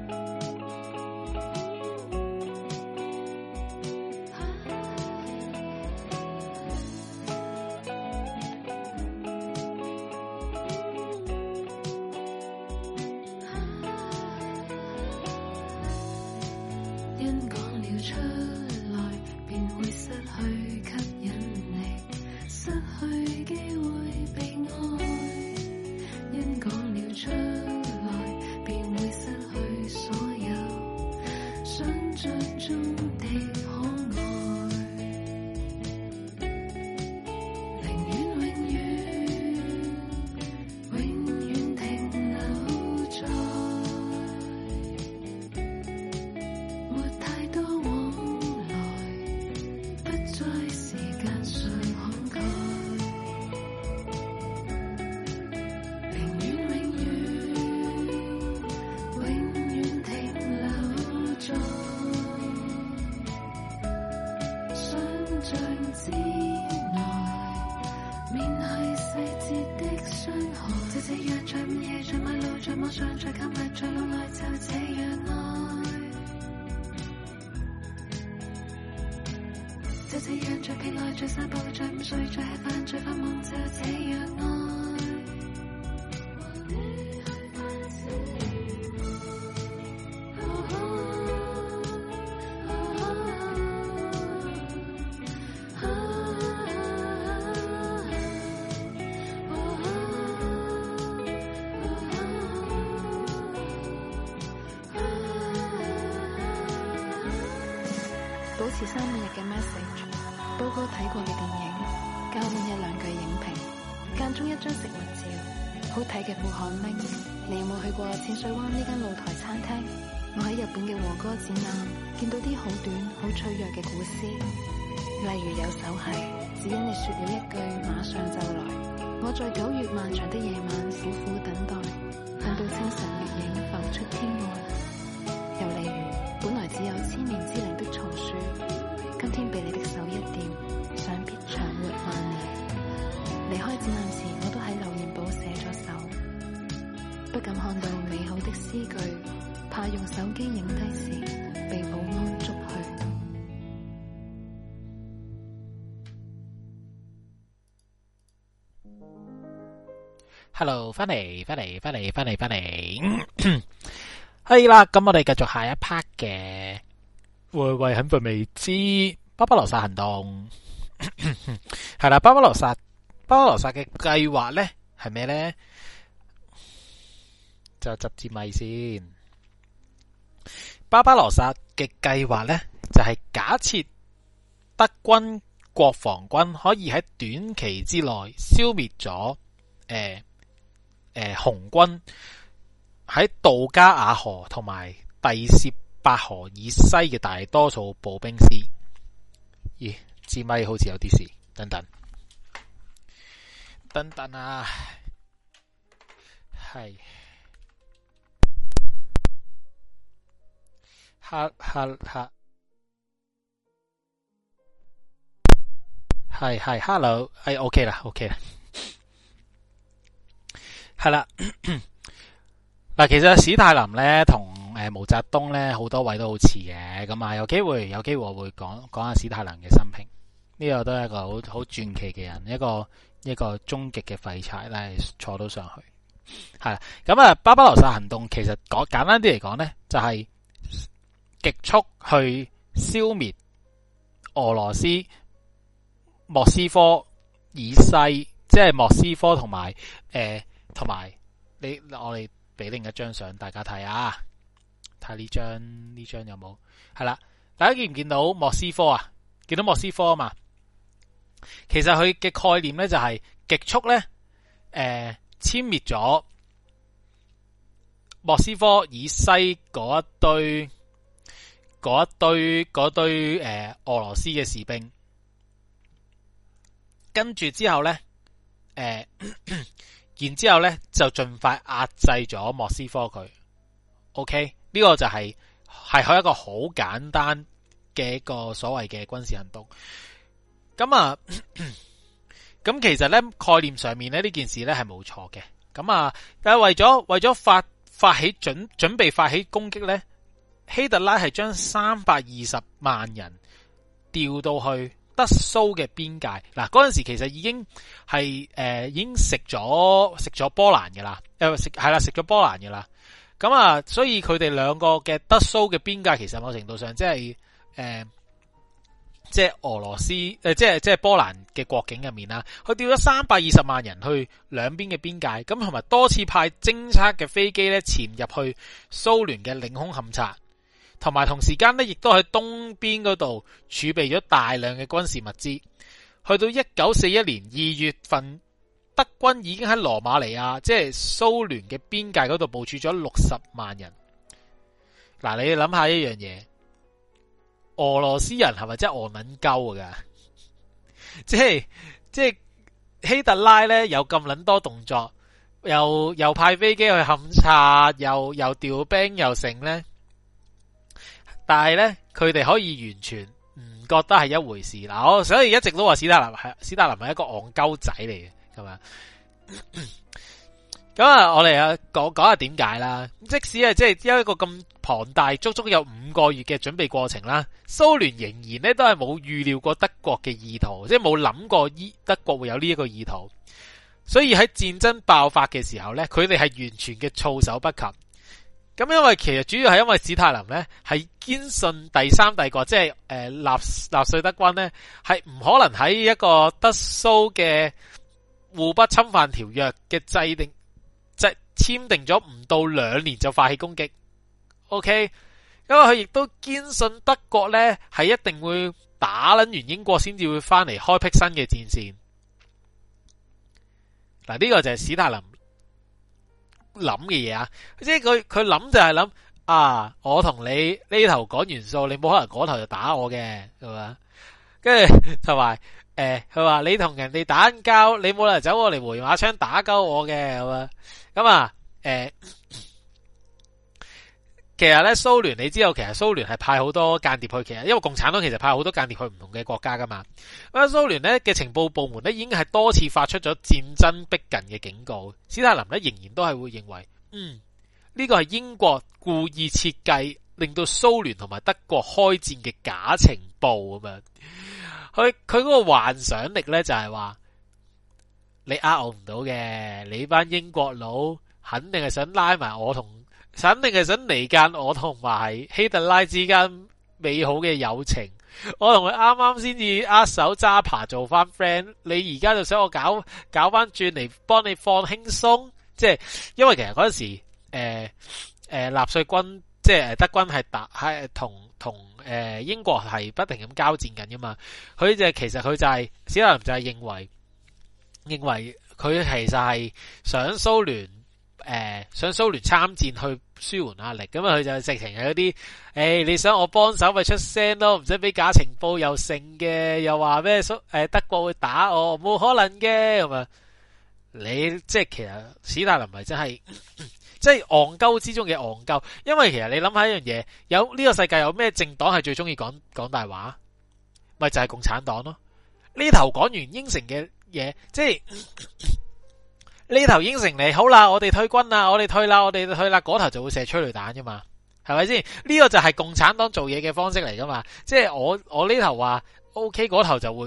哥睇過嘅電影，加滿一兩句影評，間中一張食物照，好睇嘅富漢冰。你有冇去過淺水灣呢間露台餐廳？我喺日本嘅和歌展覽見到啲好短、好脆弱嘅古詩，例如有首係，只因你說了一句馬上就來。我在九月漫長的夜晚苦苦等待。怕用手機影低時被保安捉去。Hello，翻嚟翻嚟翻嚟翻嚟翻嚟，係啦，咁 [COUGHS] [COUGHS] 我哋繼續下一 part 嘅，喂喂喂肯瞓未，巴巴羅薩行動，係啦， [COUGHS] 巴巴羅薩巴巴羅薩嘅計劃咧係咩咧？是什麼呢.就執支咪先。巴巴羅薩嘅計劃呢，就係、是、假設德軍國防軍可以喺短期之內消滅咗誒誒紅軍喺道加瓦河同埋第聶伯河以西嘅大多數步兵師。咦、欸，支咪好似有啲事，等等，等等啊，係。哈哈哈，係係，hello，哎，OK 啦，OK 啦，係啦。嗱，其實史太林咧同誒毛澤東咧好多位都好似嘅。咁啊，有機會有機會我會講講下史太林嘅生平。呢個都係一個好好傳奇嘅人，一個一個終極嘅廢柴，呢坐到上去係咁啊。巴巴羅薩行動其實講簡單啲嚟講咧，就係、是。極速去消滅俄羅斯莫斯科以西，即係莫斯科同埋誒，同埋你我哋俾另一張相大家睇下，睇下呢張呢張有冇？係啦，大家見唔見到莫斯科啊？見到莫斯科啊嘛？其實佢嘅概念咧就係極速咧，誒，殲滅咗莫斯科以西嗰一堆。嗰一堆嗰堆誒、呃、俄羅斯嘅士兵，跟住之後呢，誒、呃，然之後呢就盡快壓制咗莫斯科佢。OK，呢個就係、是、係一個好簡單嘅一個所謂嘅軍事行動。咁、嗯、啊，咁、嗯、其實呢概念上面呢，呢件事呢係冇錯嘅。咁、嗯、啊，但係為咗為咗發發起準準備發起攻擊呢。希特拉係將三百二十萬人調到去德蘇嘅邊界，嗱，嗰陣時其實已經係誒、呃、已經食咗食咗波蘭嘅啦，誒食係啦食咗波蘭嘅啦，咁啊所以佢哋兩個嘅德蘇嘅邊界其實某程度上即係誒即係俄羅斯誒即係即係波蘭嘅國境入面啦，佢調咗三百二十萬人去兩邊嘅邊界，咁同埋多次派偵察嘅飛機咧潛入去蘇聯嘅領空勘察。同埋同時間咧，亦都喺東邊嗰度儲備咗大量嘅軍事物資。去到一九四一年二月份，德軍已經喺羅馬尼亞，即係蘇聯嘅邊界嗰度部署咗六十萬人。嗱，你諗下一樣嘢，俄羅斯人係咪真係戇撚鳩噶？即係即係希特拉咧，有咁撚多動作，又又派飛機去勘察，又又調兵，又成咧。但係呢，佢哋可以完全唔覺得係一回事啦，所以一直都話史達林係史達林係一個戇鳩仔嚟嘅，咁啊， [COUGHS] 我哋啊講講下點解啦。即使啊，即係有一個咁龐大、足足有五個月嘅準備過程啦，蘇聯仍然呢都係冇預料過德國嘅意圖，即係冇諗過德國會有呢一個意圖。所以喺戰爭爆發嘅時候呢，佢哋係完全嘅措手不及。咁因為其實主要係因為史泰林咧，係堅信第三帝國，即係誒納納粹德軍咧，係唔可能喺一個德蘇嘅互不侵犯條約嘅制定即係簽訂咗唔到兩年就發起攻擊，OK，因為佢亦都堅信德國咧，係一定會打撚完英國先至會翻嚟開闢新嘅戰線。嗱呢個就係史泰林諗嘅嘢啊，即係佢佢諗就係諗啊，我同你呢頭講完數，你冇可能嗰頭就打我嘅，係嘛？跟住同埋誒，佢話、呃、你同人哋打交，你冇人走過嚟回馬槍打鳩我嘅，咁啊咁啊誒。呃其實咧，蘇聯你知道，其實蘇聯係派好多間諜去，其實因為共產黨其實派好多間諜去唔同嘅國家噶嘛。咁，蘇聯呢嘅情報部門呢已經係多次發出咗戰爭逼近嘅警告，史太林呢仍然都係會認為，嗯，呢個係英國故意設計令到蘇聯同埋德國開戰嘅假情報咁樣。佢佢嗰個幻想力呢，就係話，你呃我唔到嘅，你班英國佬肯定係想拉埋我同。肯定係想離間我同埋希特拉之間美好嘅友情。我同佢啱啱先至握手揸扒做翻 friend，你而家就想我搞搞翻轉嚟幫你放輕鬆？即係因為其實陣時，誒、呃、誒，納粹軍即係誒德軍係打係同同誒英國係不停咁交戰緊噶嘛？佢就係其實佢就係史太林就係認為認為佢其實係想蘇聯。誒、呃，想蘇聯參戰去舒緩壓力，咁啊佢就直情係嗰啲，誒、欸、你想我幫手咪出聲咯，唔使俾假情報又勝嘅，又話咩蘇誒德國會打我，冇可能嘅咁啊！你即係其實史大林咪真係即係戇鳩之中嘅戇鳩，因為其實你諗下一樣嘢，有呢、這個世界有咩政黨係最中意講講大話？咪就係、是、共產黨咯。呢頭講完應承嘅嘢，即係。 [LAUGHS] 呢頭應承你好啦，我哋退軍啦，我哋退啦，我哋退啦，嗰頭就會射催淚彈啫嘛，係咪先？呢、這個就係共產黨做嘢嘅方式嚟噶嘛，即係我我呢頭話 OK，嗰頭就會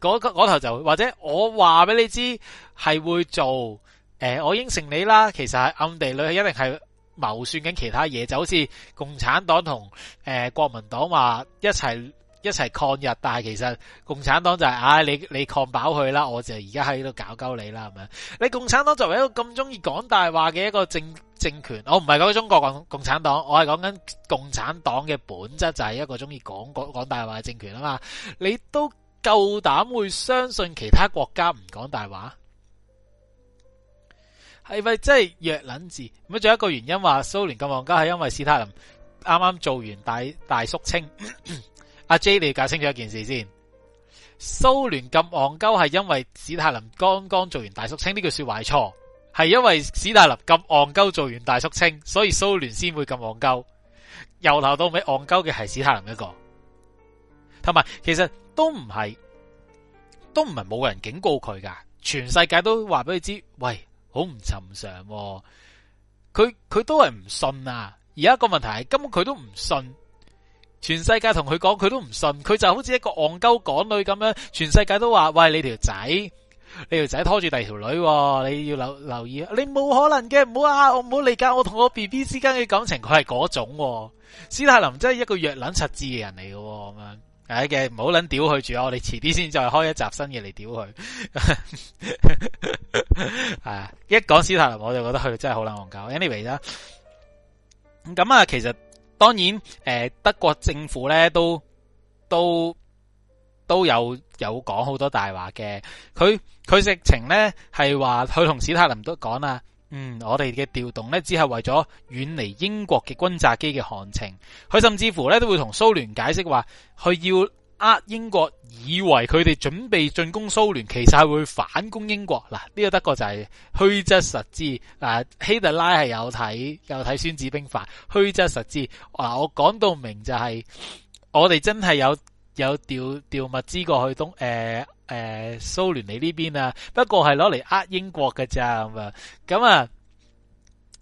嗰嗰頭就會或者我話俾你知係會做，誒、呃、我應承你啦，其實係暗地裏係一定係謀算緊其他嘢，就好似共產黨同誒、呃、國民黨話一齊。一齊抗日，但係其實共產黨就係、是、唉、哎，你你抗飽佢啦，我就而家喺度搞鳩你啦，係咪？你共產黨作為一個咁中意講大話嘅一個政政權，我唔係講中國共產產黨，我係講緊共產黨嘅本質就係一個中意講講大話嘅政權啊嘛。你都夠膽會相信其他國家唔講大話，係咪即係弱撚字？咁仲有一個原因話蘇聯咁戇鳩係因為斯塔林啱啱做完大大肅清。 [COUGHS] 阿 J，你要搞清楚一件事先，蘇聯咁戇鳩係因為史泰林剛剛做完大肅清，呢句說話係錯，係因為史泰林咁戇鳩做完大肅清，所以蘇聯先會咁戇鳩。由頭到尾戇鳩嘅係史泰林一個，同埋其實都唔係，都唔係冇人警告佢噶，全世界都話俾佢知，喂，好唔尋常啊。佢佢都係唔信啊。而家個問題係根本佢都唔信。全世界同佢講，佢都唔信，佢就好似一個戇鳩港女咁樣，全世界都話：喂，你條仔，你條仔拖住第二條女，你要留留意。你冇可能嘅，唔好啊，我唔好理解我同我 B B 之間嘅感情，佢係嗰種、啊。史太林真係一個弱撚、實智嘅人嚟嘅，咁、嗯、樣，唉嘅，唔好捻屌佢住啊！我哋遲啲先再開一集新嘢嚟屌佢。係 [LAUGHS] 啊， [LAUGHS] [LAUGHS] 一講史太林我就覺得佢真係好捻戇鳩。Anyway 啦，咁啊，其實。當然，誒，德國政府咧都都都有有講好多大話嘅。佢佢直情呢係話佢同史泰林都講呀。嗯，我哋嘅調動呢只係為咗遠離英國嘅轟炸機嘅航程。佢甚至乎呢都會同蘇聯解釋話，佢要。呃，英國以為佢哋準備進攻蘇聯，其實係會反攻英國。嗱，呢個德國就係虛則實之。嗱，希特拉係有睇有睇《孫子兵法》，虛則實之。嗱，我講到明就係、是、我哋真係有有調調物資過去東誒誒、呃呃、蘇聯你呢邊啊，不過係攞嚟呃英國㗎咋咁啊？咁啊，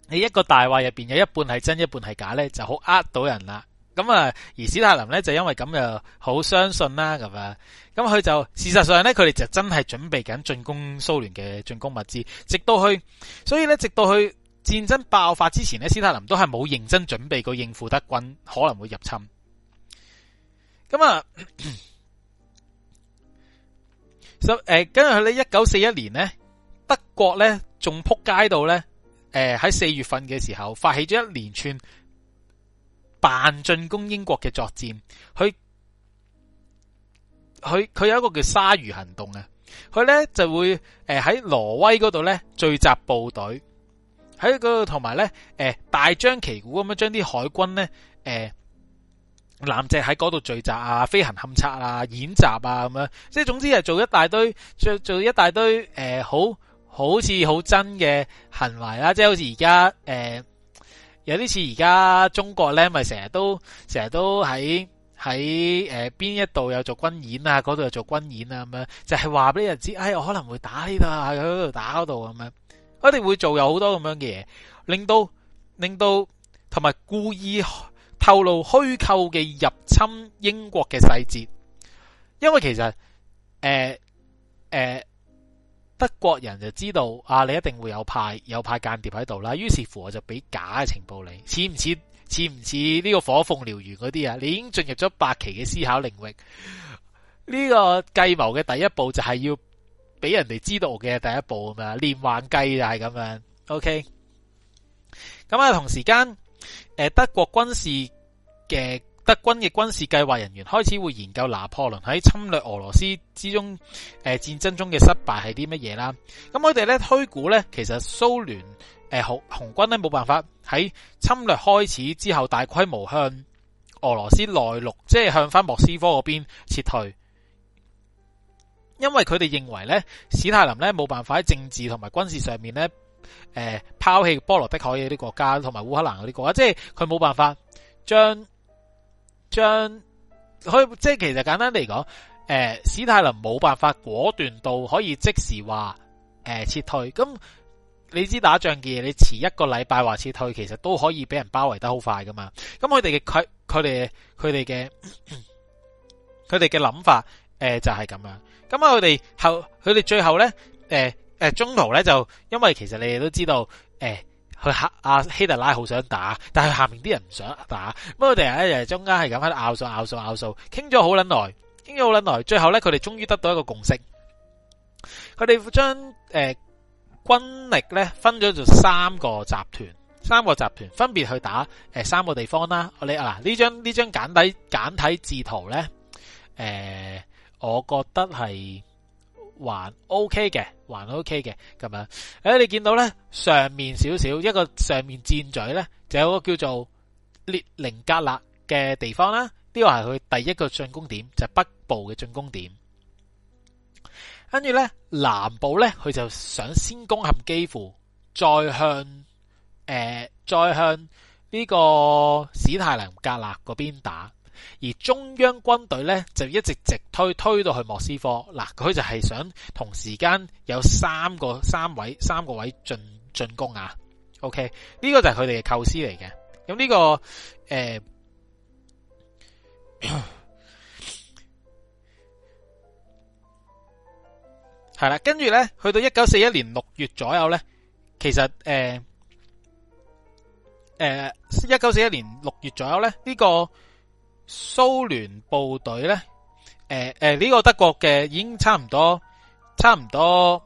你一個大話入邊有一半係真，一半係假咧，就好呃到人啦。咁啊，而史太林咧就因為咁又好相信啦，咁啊，咁佢就事實上咧，佢哋就真係準備緊進攻蘇聯嘅進攻物資，直到去，所以咧，直到去戰爭爆發之前咧，史太林都係冇認真準備過應付德軍可能會入侵。咁啊，十誒，跟住咧，一九四一年咧，德國咧仲撲街度咧，誒喺四月份嘅時候發起咗一連串。扮進攻英國嘅作戰，佢佢佢有一個叫鯊魚行動啊，佢咧就會誒喺、呃、挪威嗰度咧聚集部隊，喺度同埋咧誒大張旗鼓咁樣將啲海軍咧誒，艦隻喺嗰度聚集啊，飛行勘測啊，演習啊咁樣，即係總之係做一大堆，做做一大堆誒、呃，好好似好真嘅行為啦，即係好似而家誒。呃有啲似而家中國咧，咪成日都成日都喺喺誒邊一度有做軍演啊，嗰度有做軍演啊，咁樣就係話俾你人知，哎，我可能會打呢度啊，喺嗰度打嗰度咁樣，一定會做有好多咁樣嘅嘢，令到令到同埋故意透露虛構嘅入侵英國嘅細節，因為其實誒誒。呃呃德國人就知道啊，你一定會有派有派間諜喺度啦。於是乎，我就俾假嘅情報你，似唔似似唔似呢個火鳳燎原嗰啲啊？你已經進入咗八奇嘅思考領域。呢個計謀嘅第一步就係要俾人哋知道嘅第一步啊，連環計就係咁樣。OK，咁啊，同時間誒，德國軍事嘅。德軍嘅軍事計劃人員開始會研究拿破崙喺侵略俄羅斯之中誒、呃、戰爭中嘅失敗係啲乜嘢啦。咁我哋咧推估呢，其實蘇聯誒紅紅軍咧冇辦法喺侵略開始之後大規模向俄羅斯內陸，即係向翻莫斯科嗰邊撤退，因為佢哋認為呢史太林呢冇辦法喺政治同埋軍事上面呢，誒拋棄波羅的海嘅啲國家同埋烏克蘭嗰啲國家，即係佢冇辦法將。將佢即係其實簡單嚟講，誒史太林冇辦法果斷到可以即時話誒、呃、撤退。咁你知打仗嘅嘢，你遲一個禮拜話撤退，其實都可以俾人包圍得好快噶嘛。咁佢哋嘅佢佢哋佢哋嘅佢哋嘅諗法，誒、呃、就係、是、咁樣。咁啊，佢哋後佢哋最後咧，誒、呃、誒中途咧就因為其實你哋都知道，誒、呃。佢阿、啊、希特拉好想打，但係下面啲人唔想打，咁我哋人咧就中間係咁喺度拗數拗數拗數，傾咗好捻耐，傾咗好捻耐，最後咧佢哋終於得到一個共識，佢哋將誒軍力咧分咗做三個集團，三個集團分別去打誒、呃、三個地方啦。我哋啊嗱呢張呢張簡體簡體字圖咧，誒、呃，我覺得係還 OK 嘅。還 O K 嘅。咁樣，誒，你見到咧，上面少少一個上面箭嘴，咧，就有個叫做列寧格勒嘅地方啦。呢個係佢第一個進攻點，就係北部嘅進攻點。跟住咧南部咧，佢就想先攻陷基輔，再向誒再向呢個史太林格勒嗰邊打。而中央軍隊呢，就一直直推，推到去莫斯科嗱，佢就係想同時間有三個三位三個位進進攻啊。OK，呢個就係佢哋嘅構思嚟嘅。咁呢個誒係啦，跟住呢，去到一九四一年六月左右呢，其實誒誒一九四一年六月左右呢，呢個。蘇聯部隊呢，誒、呃、誒、呢、這個德國嘅已經差唔多，差唔多，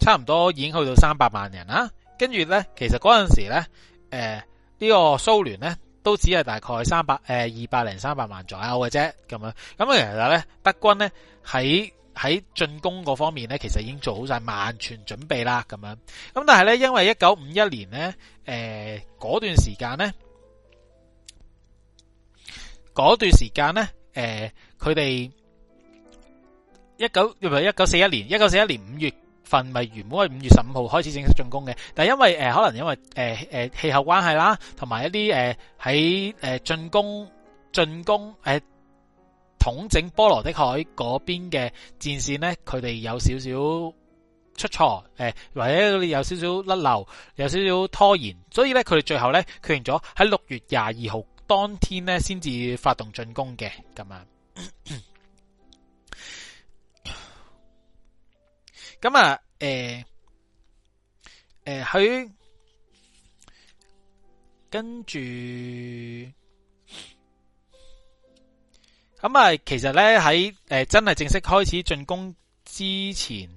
差唔多已經去到三百萬人啦。跟住呢，其實嗰陣時呢，誒、呃、呢、這個蘇聯呢都只係大概三百誒二百零三百萬左右嘅啫。咁樣咁、嗯、其實呢，德軍呢喺喺進攻嗰方面呢，其實已經做好晒萬全準備啦。咁樣咁但係呢，因為一九五一年呢，誒、呃、嗰段時間呢。嗰段時間咧，誒、呃，佢哋一九唔係一九四一年，一九四一年五月份咪原本係五月十五號開始正式進攻嘅，但係因為誒、呃、可能因為誒誒、呃呃、氣候關係啦，同埋一啲誒喺誒進攻進攻誒、呃、統整波羅的海嗰邊嘅戰線咧，佢哋有少少出錯，誒、呃、或者有少少甩漏，有少少拖延，所以咧佢哋最後咧決定咗喺六月廿二號，當天咧先至發動進攻嘅咁 [COUGHS] 啊，咁、呃、啊，誒、呃，誒，跟住，咁啊，其實咧喺誒真係正式開始進攻之前，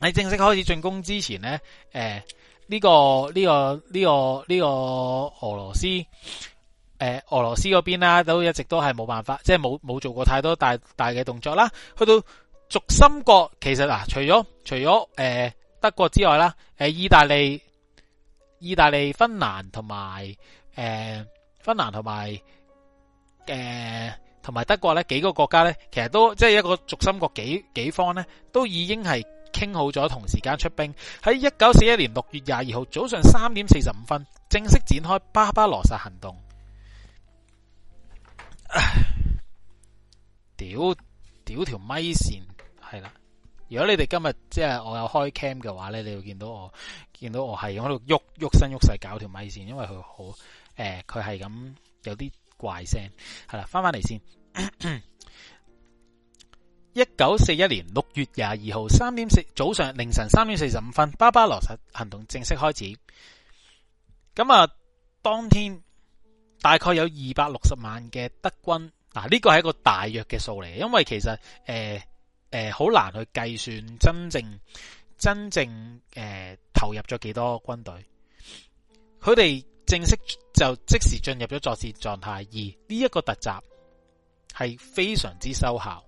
喺正式開始進攻之前咧，誒、呃。呢個呢個呢個呢個俄羅斯誒、呃、俄羅斯嗰邊啦，都一直都係冇辦法，即係冇冇做過太多大大嘅動作啦。去到軸心國，其實啊，除咗除咗誒、呃、德國之外啦，誒、呃、意大利、意大利、芬蘭同埋誒芬蘭同埋誒同埋德國呢幾個國家呢，其實都即係一個軸心國幾幾方呢都已經係。傾好咗，同時間出兵，喺一九四一年六月廿二號早上三點四十五分，正式展開巴巴羅薩行動。屌屌條咪線係啦，如果你哋今日即係我有開 cam 嘅話咧，你會見到我見到我係喺度喐喐身喐勢搞條咪線，因為佢好佢係咁有啲怪聲係啦，翻返嚟先。 [COUGHS] 一九四一年六月廿二號三點四早上凌晨三點四十五分，巴巴羅薩行動正式開始。咁啊，當天大概有二百六十萬嘅德軍嗱，呢個係一個大約嘅數嚟，因為其實誒誒好難去計算真正真正誒、呃、投入咗幾多少軍隊。佢哋正式就即時進入咗作戰狀態，而呢一個突襲係非常之收效。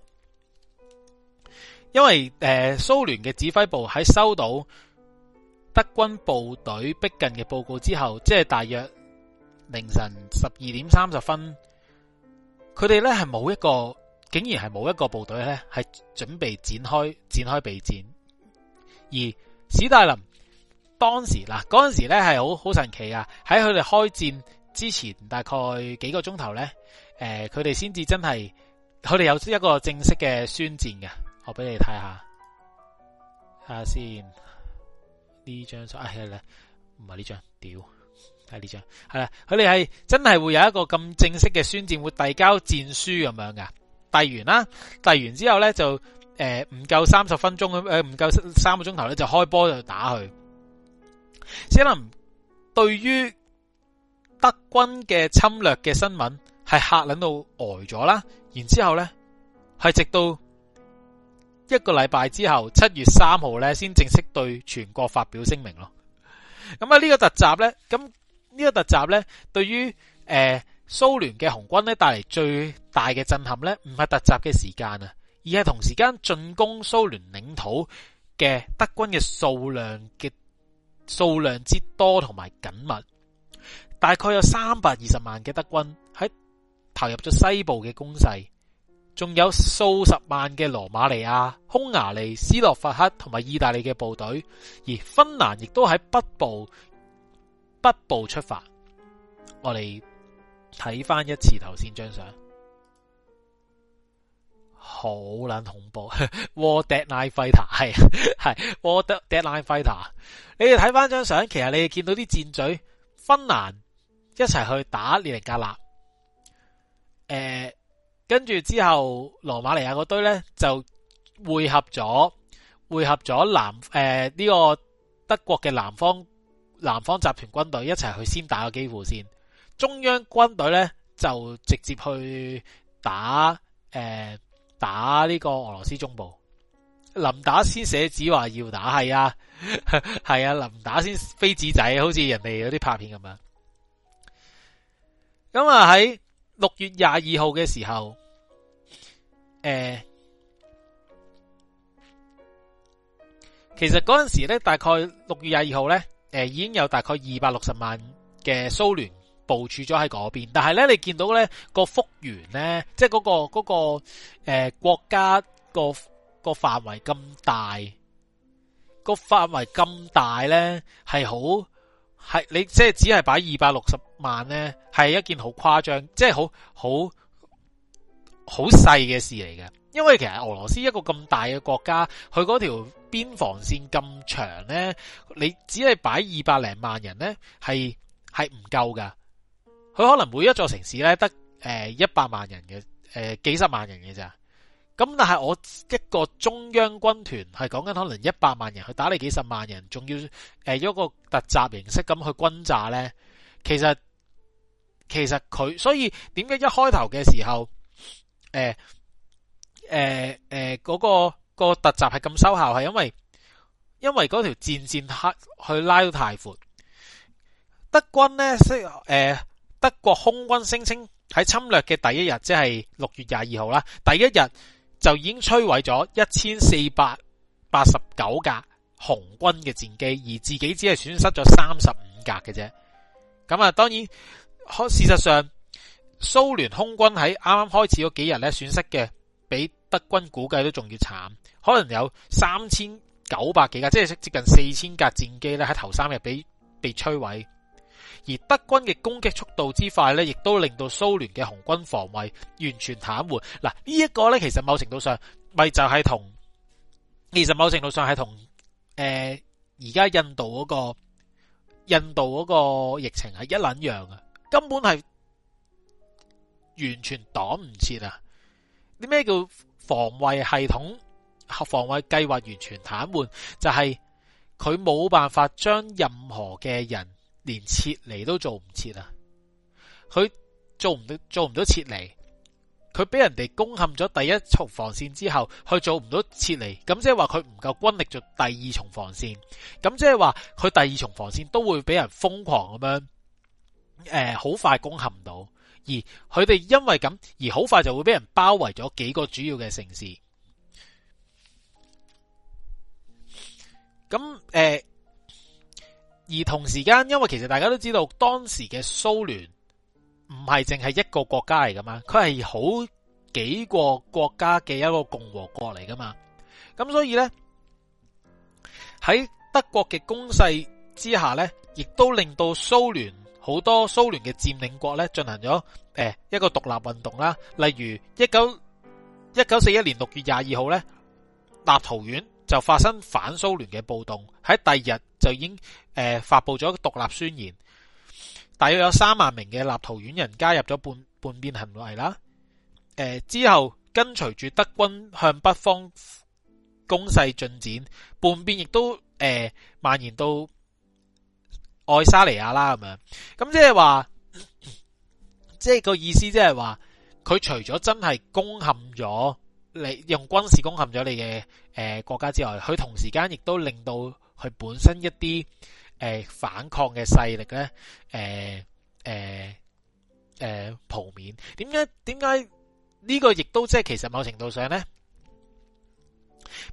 因為誒、呃，蘇聯嘅指揮部喺收到德軍部隊逼近嘅報告之後，即係大約凌晨十二點三十分，佢哋咧係冇一個，竟然係冇一個部隊咧係準備展開展開備戰。而史大林當時嗱嗰陣時咧係好好神奇啊。喺佢哋開戰之前大概幾個鐘頭咧，誒、呃，佢哋先至真係佢哋有一個正式嘅宣戰嘅。我俾你睇下，睇下先呢張圖，哎呀，唔係呢張，屌，係呢張，係啦，佢哋係真係會有一個咁正式嘅宣戰會遞交戰書咁樣噶，遞完啦，遞完之後咧就誒唔、呃、夠三十分鐘咁，誒、呃、唔夠三個鐘頭咧就開波就打佢。史太林對於德軍嘅侵略嘅新聞係嚇撚到呆咗啦，然之後咧係直到。一個禮拜之後，七月三號咧，先正式對全國發表聲明咯。咁啊，呢個突襲咧，咁呢個突襲咧，對於誒、呃、蘇聯嘅紅軍咧帶嚟最大嘅震撼呢，唔係突襲嘅時間啊，而係同時間進攻蘇聯領土嘅德軍嘅數量嘅數量之多同埋緊密，大概有三百二十萬嘅德軍喺投入咗西部嘅攻勢。仲有數十萬嘅羅馬尼亞、匈牙利、斯洛伐克同埋意大利嘅部隊，而芬蘭亦都喺北部北部出發。我哋睇翻一次頭先張相，好撚恐怖。 [LAUGHS] war deadline fighter 係係 war dead deadline fighter。你哋睇翻張相，其實你哋見到啲戰嘴芬蘭一齊去打列寧格勒。誒。跟住之後，羅馬尼亞嗰堆呢就匯合咗，匯合咗南誒呢、呃這個德國嘅南方南方集團軍隊一齊去先打個基輔先，中央軍隊呢就直接去打誒、呃、打呢個俄羅斯中部。臨打先寫紙話要打，係啊係啊，臨、啊、打先飛紙仔，好似人哋有啲拍片咁樣。咁啊喺。六月廿二號嘅時候，誒、呃，其實嗰陣時咧，大概六月廿二號咧，誒、呃，已經有大概二百六十萬嘅蘇聯部署咗喺嗰邊，但係咧，你見到咧、嗰個幅員咧，即係嗰個嗰個誒國家個個範圍咁大，個範圍咁大咧係好。係你即係只係擺二百六十萬呢，係一件好誇張，即係好好好細嘅事嚟嘅。因為其實俄羅斯一個咁大嘅國家，佢嗰條邊防線咁長呢，你只係擺二百零萬人呢，係係唔夠噶。佢可能每一座城市呢得誒一百萬人嘅，誒、呃、幾十萬人嘅咋。咁，但係我一個中央軍團係講緊可能一百萬人去打你幾十萬人，仲要誒一個突襲形式咁去轟炸呢？其實其實佢所以點解一開頭嘅時候，誒誒嗰個、嗰個突襲係咁收效，係因為因為嗰條戰線去拉到太闊。德軍呢，德國空軍聲稱喺侵略嘅第一日，即係六月廿二號啦，第一日。就已經摧毀咗一千四百八十九架紅軍嘅戰機，而自己只係損失咗三十五架嘅啫。咁啊，當然，事實上，蘇聯空軍喺啱啱開始嗰幾日咧，損失嘅比德軍估計都仲要慘，可能有三千九百幾架，即係接近四千架戰機咧，喺頭三日俾被摧毀。而德軍嘅攻擊速度之快咧，亦都令到蘇聯嘅紅軍防衛完全癱瘓。嗱，呢一個咧，其實某程度上咪就係同，其實某程度上係同，誒而家印度嗰個印度嗰個疫情係一捻樣啊！根本係完全擋唔切啊！啲咩叫防衛系統、防衛計劃完全癱瘓？就係佢冇辦法將任何嘅人。連撤離都做唔切啊！佢做唔到，做唔到撤離。佢俾人哋攻陷咗第一重防線之後，佢做唔到撤離。咁即係話佢唔夠軍力做第二重防線。咁即係話佢第二重防線都會俾人瘋狂咁樣，誒、呃，好快攻陷到。而佢哋因為咁，而好快就會俾人包圍咗幾個主要嘅城市。咁誒。呃而同時間，因為其實大家都知道，當時嘅蘇聯唔係淨係一個國家嚟噶嘛，佢係好幾個國家嘅一個共和國嚟噶嘛。咁所以呢，喺德國嘅攻勢之下呢，亦都令到蘇聯好多蘇聯嘅佔領國呢進行咗誒一個獨立運動啦。例如一九一九四一年六月廿二號呢，立陶宛。就發生反蘇聯嘅暴動，喺第二日就已經誒、呃、發布咗獨立宣言，大約有三萬名嘅立陶宛人加入咗叛叛變行為啦。誒、呃、之後跟隨住德軍向北方攻勢進展，叛變亦都誒、呃、蔓延到愛沙尼亞啦咁樣。咁即係話，即係個意思即係話，佢除咗真係攻陷咗。你用軍事攻陷咗你嘅誒國家之外，佢同時間亦都令到佢本身一啲誒反抗嘅勢力咧，誒誒誒浮面。點解點解呢個亦都即係其實某程度上咧，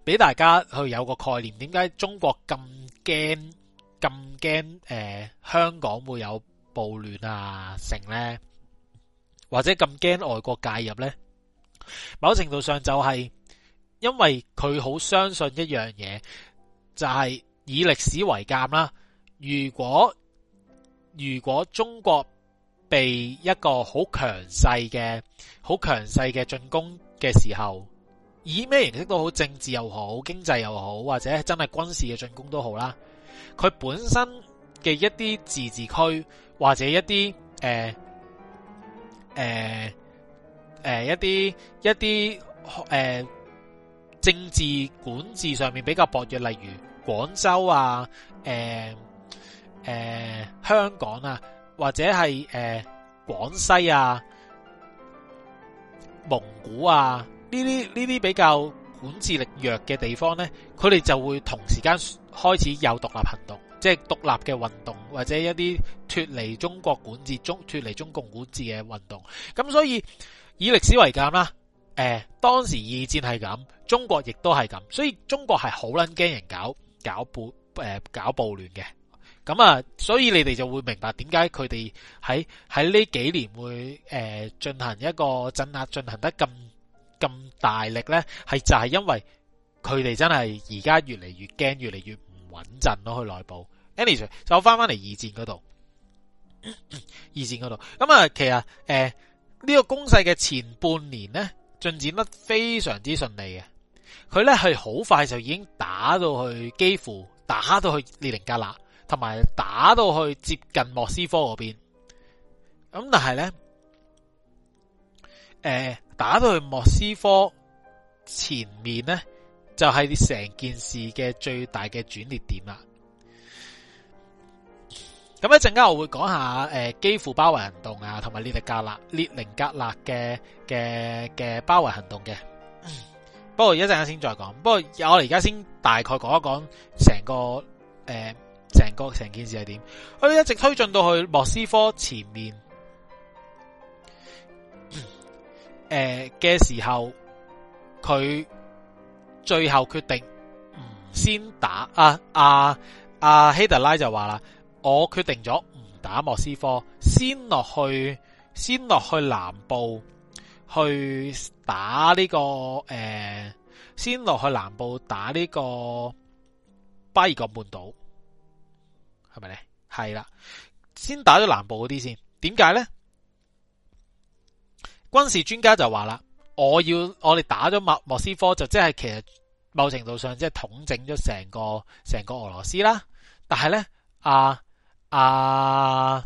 俾大家去有個概念，點解中國咁驚咁驚誒香港會有暴亂啊成咧，或者咁驚外國介入咧？某程度上就係因為佢好相信一樣嘢，就係以歷史為鑒啦。如果如果中國被一個好強勢嘅、好強勢嘅進攻嘅時候，以咩形式都好，政治又好、經濟又好，或者真係軍事嘅進攻都好啦，佢本身嘅一啲自治區或者一啲誒誒。呃呃誒、呃，一啲一啲誒政治管治上面比較薄弱，例如廣州啊，誒誒香港啊，或者係誒廣西啊、蒙古啊呢啲呢啲比較管治力弱嘅地方呢，佢哋就會同時間開始有獨立行動，即係獨立嘅運動，或者一啲脫離中國管治中、脫離中共管治嘅運動，咁所以。以歷史為鑑啦，誒、呃，當時二戰係咁，中國亦都係咁，所以中國係好撚驚人搞搞，搞暴誒搞暴亂嘅，咁啊，所以你哋就會明白點解佢哋喺喺呢幾年會誒呃、進行一個鎮壓，進行得咁咁大力咧，係就係因為佢哋真係而家越嚟越驚，越嚟越唔穩陣咯。去內部 Anyway，就翻翻嚟二戰嗰度， [LAUGHS] 二戰嗰度，咁啊，其實誒。呃呢、個攻勢嘅前半年咧，進展得非常之順利嘅，佢咧係好快就已經打到去，幾乎打到去列寧格勒，同埋打到去接近莫斯科嗰邊。咁但係咧，誒、呃，打到去莫斯科前面咧，就係、是、成件事嘅最大嘅轉捩點啦。咁一陣間我會講下誒、呃，幾乎包圍行動啊，同埋列寧格勒、列寧格勒嘅嘅嘅包圍行動嘅、嗯。不過一陣間先再講，不過我哋而家先大概講一講成個誒，成、呃、個成件事係點。佢一直推進到去莫斯科前面誒嘅、嗯呃、時候，佢最後決定、唔、先打啊啊啊希特拉就話啦。我決定咗唔打莫斯科，先落去先落去南部去打呢、這個誒、呃，先落去南部打呢個巴爾幹半島係咪咧？係啦，先打咗南部嗰啲先。點解咧？軍事專家就話啦，我要我哋打咗莫莫斯科，就即係其實某程度上即係統整咗成個成個俄羅斯啦。但係咧啊。阿、啊、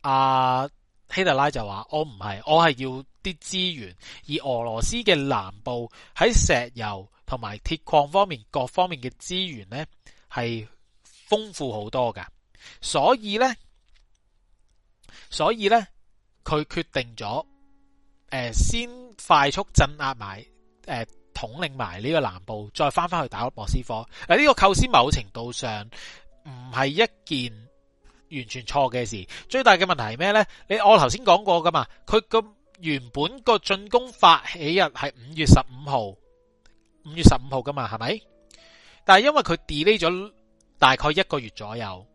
阿、啊、希特拉就話：我唔係，我係要啲資源。而俄羅斯嘅南部喺石油同埋鐵礦方面，各方面嘅資源咧係豐富好多噶。所以咧，所以咧，佢決定咗，誒、呃，先快速鎮壓埋，誒、呃，統領埋呢個南部，再翻翻去打莫斯科。呢、呢個構思某程度上唔係一件，完全錯嘅事，最大嘅問題係咩呢？你我頭先講過噶嘛，佢個原本個進攻發起日係五月十五號，五月十五號噶嘛，係咪？但係因為佢 delay 咗大概一個月左右，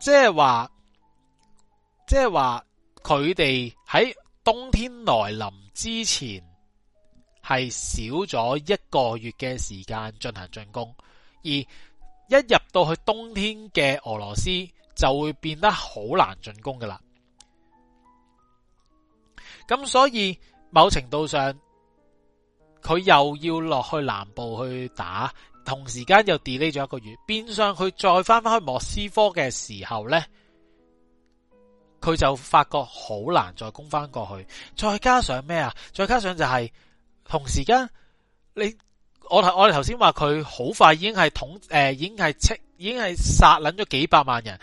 即係話，即係話，佢哋喺冬天來臨之前係少咗一個月嘅時間進行進攻，而。一入到去冬天嘅俄羅斯，就會變得好難進攻㗎喇。咁所以某程度上，佢又要落去南部去打，同時間又 delay 咗一個月，變相佢再返返去莫斯科嘅時候呢，佢就發覺好難再攻返過去。再加上咩呀？再加上就係、是、同時間你。我頭我哋頭先話佢好快已經係統誒、呃，已經係清，已經係殺撚咗幾百萬人，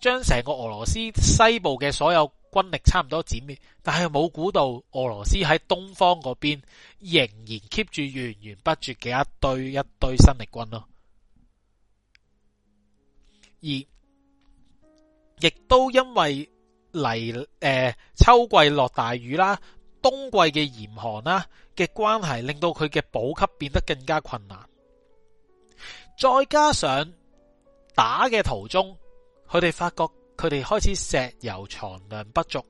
將成個俄羅斯西部嘅所有軍力差唔多殲滅，但係冇估到俄羅斯喺東方嗰邊仍然 keep 住源源不絕嘅一堆一堆新力軍咯，而亦都因為嚟誒、呃、秋季落大雨啦。冬季嘅嚴寒啦嘅關係，令到佢嘅補給變得更加困難。再加上打嘅途中，佢哋發覺佢哋開始石油藏量不足，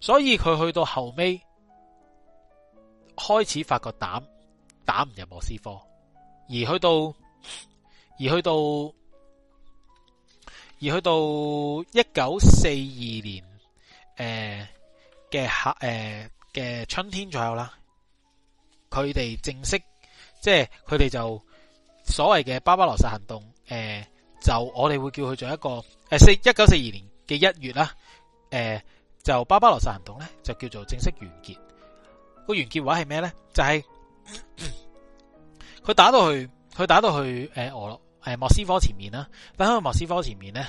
所以佢去到後尾開始發覺打打唔入莫斯科，而去到而去到而去到一九四二年誒，呃嘅夏誒嘅春天左右啦，佢哋正式即係佢哋就所謂嘅巴巴羅薩行動誒、呃，就我哋會叫佢做一個誒四一九四二年嘅一月啦，誒、呃、就巴巴羅薩行動咧就叫做正式完結。個完結話係咩咧？就係、是、佢 [COUGHS] 打到去，佢打到去誒俄羅誒莫斯科前面啦，但喺去莫斯科前面咧，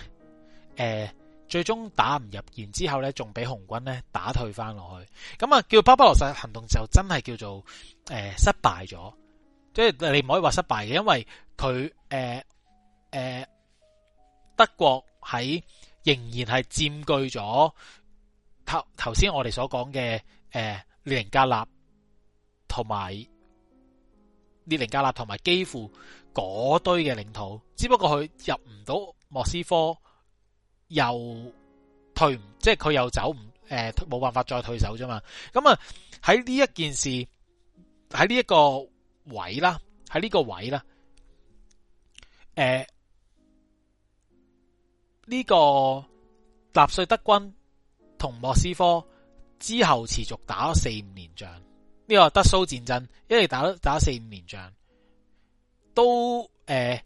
誒、呃。最終打唔入，然之後咧，仲俾紅軍咧打退翻落去。咁啊，叫巴巴羅薩行動就真係叫做誒、呃、失敗咗。即係你唔可以話失敗嘅，因為佢誒誒德國喺仍然係佔據咗頭頭先我哋所講嘅誒列寧格勒同埋列寧格勒同埋幾乎嗰堆嘅領土，只不過佢入唔到莫斯科。又退唔，即係佢又走唔，誒，冇辦法再退守啫嘛。咁啊，喺呢一件事，喺呢一個位啦，喺呢個位啦，誒、呃，呢、這個納粹德軍同莫斯科之後持續打咗四五年仗，呢、這個德蘇戰爭一直打打四五年仗，都誒係、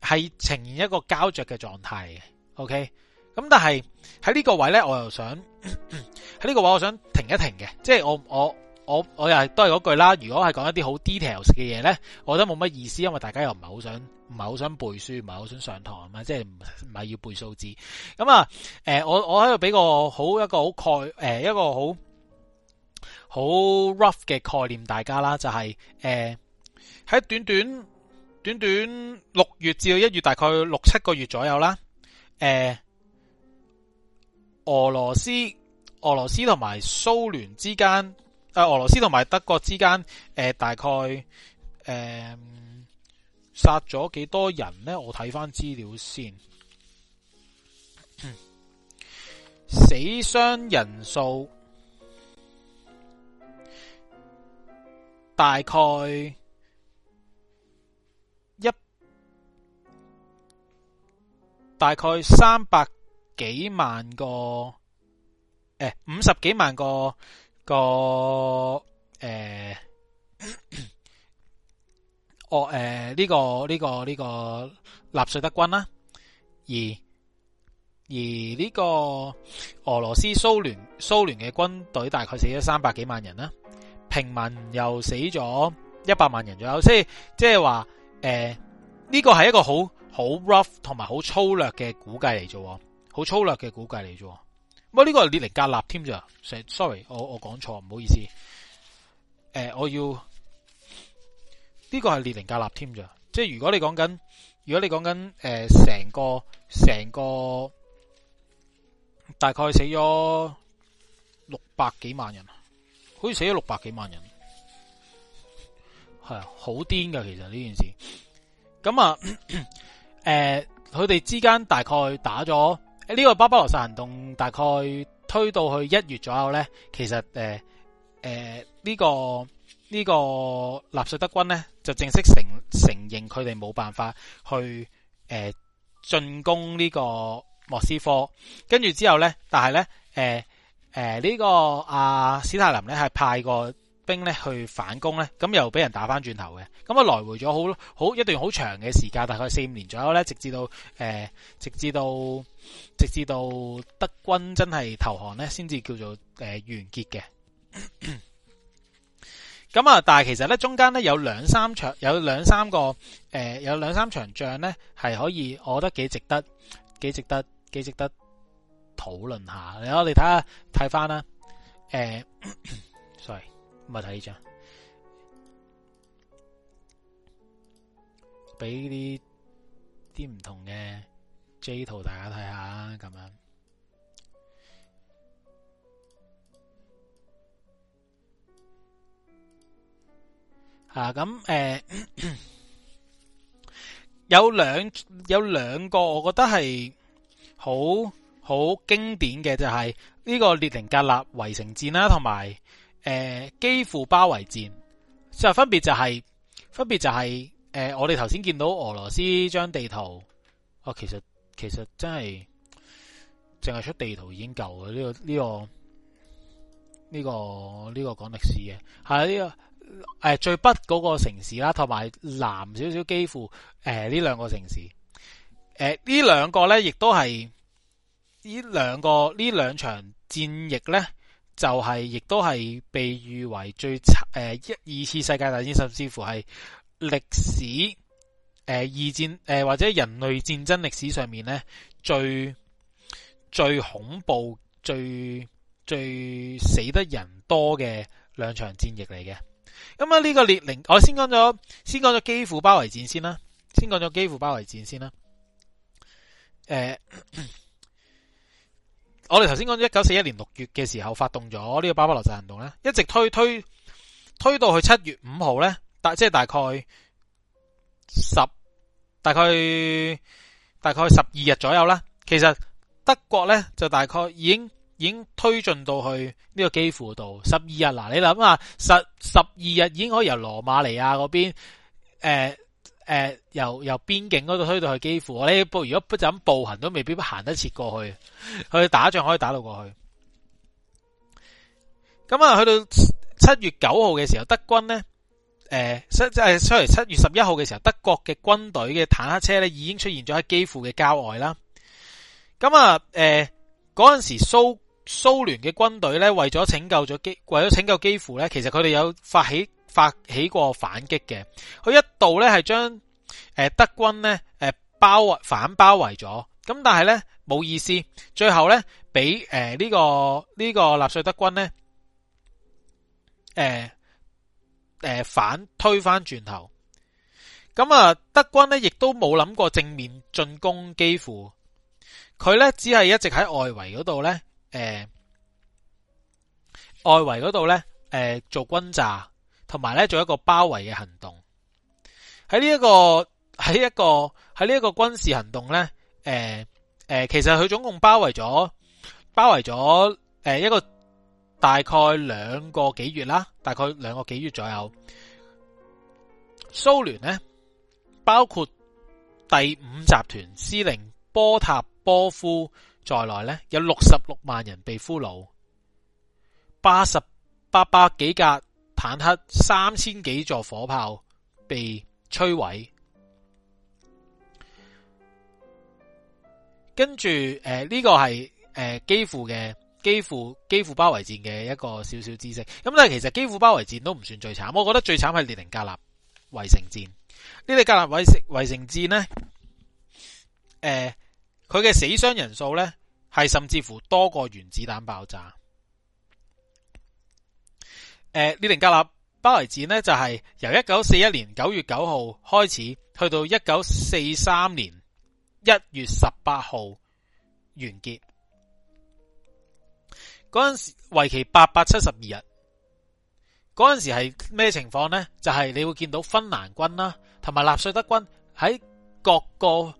呃、呈現一個膠着嘅狀態嘅，OK。咁但係喺呢個位咧，我又想喺呢 [COUGHS] 個位，我想停一停嘅，即係我我我我又係都係嗰句啦。如果係講一啲好 details 嘅嘢咧，我覺得冇乜意思，因為大家又唔係好想唔係好想背書，唔係好想上堂啊，即係唔係要背數字。咁、嗯、啊，誒、呃，我我喺度俾個好一個好概誒一個好好、呃、rough 嘅概念大家啦，就係誒喺短短短短六月至到一月，大概六七個月左右啦，誒、呃。俄羅斯、俄羅斯同埋蘇聯之間，誒、呃，俄羅斯同埋德國之間，誒、呃，大概誒殺咗幾多人呢？我睇翻資料先， [COUGHS] 死傷人數大概一大概三百。幾萬個誒、哎，五十幾萬個個誒，我誒呢個呢、這個呢、這個納粹德軍啦、啊，而而呢個俄羅斯蘇聯蘇聯嘅軍隊大概死咗三百幾萬人啦、啊，平民又死咗一百萬人左右，即係即係話誒呢個係一個好好 rough 同埋好粗略嘅估計嚟啫。好粗略嘅估計嚟啫不過呢個係列寧格勒添咋 sorry 我我講錯唔好意思，呃、我要呢、呢個係列寧格勒添咋？即係如果你講緊，如果你講緊成個成個大概死咗六百幾萬人，好似死咗六百幾萬人，係啊，好癲㗎其實呢件事，咁啊誒佢哋之間大概打咗。呢、呢個巴巴羅薩行動大概推到去一月左右咧，其實誒誒呢個呢、呢個納粹德軍咧就正式承承認佢哋冇辦法去誒、呃、進攻呢個莫斯科，跟住之後咧，但係咧誒誒呢、呃呃呢個阿、啊、史太林咧係派過，兵咧去反攻咧，咁又俾人打翻轉頭嘅，咁啊來回咗好好一段好長嘅時間，大概四五年左右咧，直至到誒、呃，直至到直至到德軍真係投降咧，先至叫做誒、呃、完結嘅。咁啊， [COUGHS] 但係其實咧中間咧有兩三場，有兩三個誒、呃，有兩三場仗咧係可以，我覺得幾值得，幾值得，幾值得討論下。你我哋睇下睇翻啦，誒。呃 [COUGHS] 咪睇呢張，俾啲啲唔同嘅 J 圖，大家睇下咁樣吓咁誒，有兩有兩個，我覺得係好好經典嘅，就係呢個列寧格勒圍城戰啦，同埋，誒、呃，基輔包圍戰，分別就係、是、分別就係、是，誒、呃，我哋頭先見到俄羅斯張地圖，哦、其實其實真係淨係出地圖已經夠嘅呢個呢、這個呢、這個呢、這個講歷史嘅，喺、啊、呢、這個誒、呃、最北嗰個城市啦，同埋南少少基輔誒呢兩個城市，誒、呃呃、呢兩個咧，亦都係呢兩個呢兩場戰役咧。就係、是，亦都係被譽為最差、呃、一二次世界大戰甚至乎係歷史誒、呃，二戰誒、呃、或者人類戰爭歷史上面呢最最恐怖、最最死得人多嘅兩場戰役嚟嘅。咁啊，呢個列寧，我先講咗，先講咗基輔包圍戰先啦，先講咗基輔包圍戰先啦，誒、呃。 [COUGHS] 我哋頭先講一九四一年六月嘅時候發動咗呢個巴巴羅薩行動咧，一直推推推到去七月五號咧，大即係、就是、大概十大概大概十二日左右啦。其實德國咧就大概已經已經推進到去呢個基輔度十二日。嗱、啊，你諗下，十十二日已經可以由羅馬尼亞嗰邊誒。呃誒、呃，由由邊境嗰度推到去基輔，我呢步如果就咁步行都未必行得切過去，去打仗可以打到過去。咁啊，去到七月九號嘅時候，德軍呢？誒、呃，七即係七月十一號嘅時候，德國嘅軍隊嘅坦克車呢已經出現咗喺基輔嘅郊外啦。咁啊，誒、呃，嗰陣時蘇蘇聯嘅軍隊呢，為咗拯救咗基，為咗拯救基輔呢，其實佢哋有發起。發起過反擊嘅，佢一度咧係將誒德軍呢誒包圍反包圍咗，咁但係呢冇意思，最後咧俾誒呢、呃這個呢、這個納粹德軍呢誒誒、呃呃、反推翻轉頭，咁啊德軍呢亦都冇諗過正面進攻，幾乎佢呢只係一直喺外圍嗰度呢，誒、呃、外圍嗰度呢誒做轟炸。同埋咧，做一個包圍嘅行動。喺呢、這個、一個，喺一個，喺呢一個軍事行動咧，誒、呃、誒、呃，其實佢總共包圍咗包圍咗誒、呃、一個大概兩個幾月啦，大概兩個幾月左右。蘇聯咧，包括第五集團司令波塔波夫在內咧，有六十六萬人被俘虜，八十八百幾架。坦克三千幾座火炮被摧毀，跟住誒，呢個係誒基輔嘅基輔基輔，呃、基輔包圍戰嘅一個小小知識。咁但係其實基輔包圍戰都唔算最慘，我覺得最慘係列寧格勒圍城戰。列寧格勒圍城圍城戰呢，誒佢嘅死傷人數呢，係甚至乎多過原子彈爆炸。誒、呃，列寧格勒包圍戰呢就係、是、由一九四一年九月九號開始，去到一九四三年一月十八號完結。嗰陣時為期八百七十二日。嗰陣時係咩情況呢？就係、是、你會見到芬蘭軍啦，同埋納粹德軍喺各個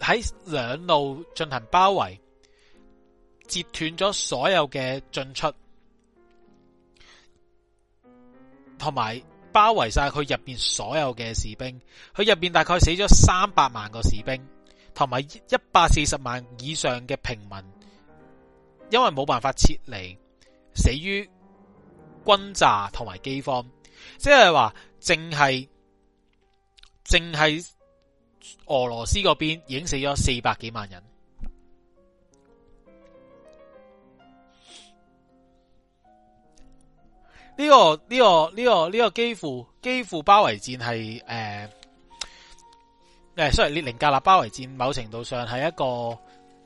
喺兩路進行包圍，截斷咗所有嘅進出。同埋包圍晒佢入邊所有嘅士兵，佢入邊大概死咗三百萬個士兵，同埋一百四十萬以上嘅平民，因為冇辦法撤離，死於轟炸同埋饑荒，即係話淨係淨係俄羅斯嗰邊已經死咗四百幾萬人。呢、這個呢、這個呢、這個呢個幾乎幾乎包圍戰係誒誒，雖然列寧格勒包圍戰某程度上係一個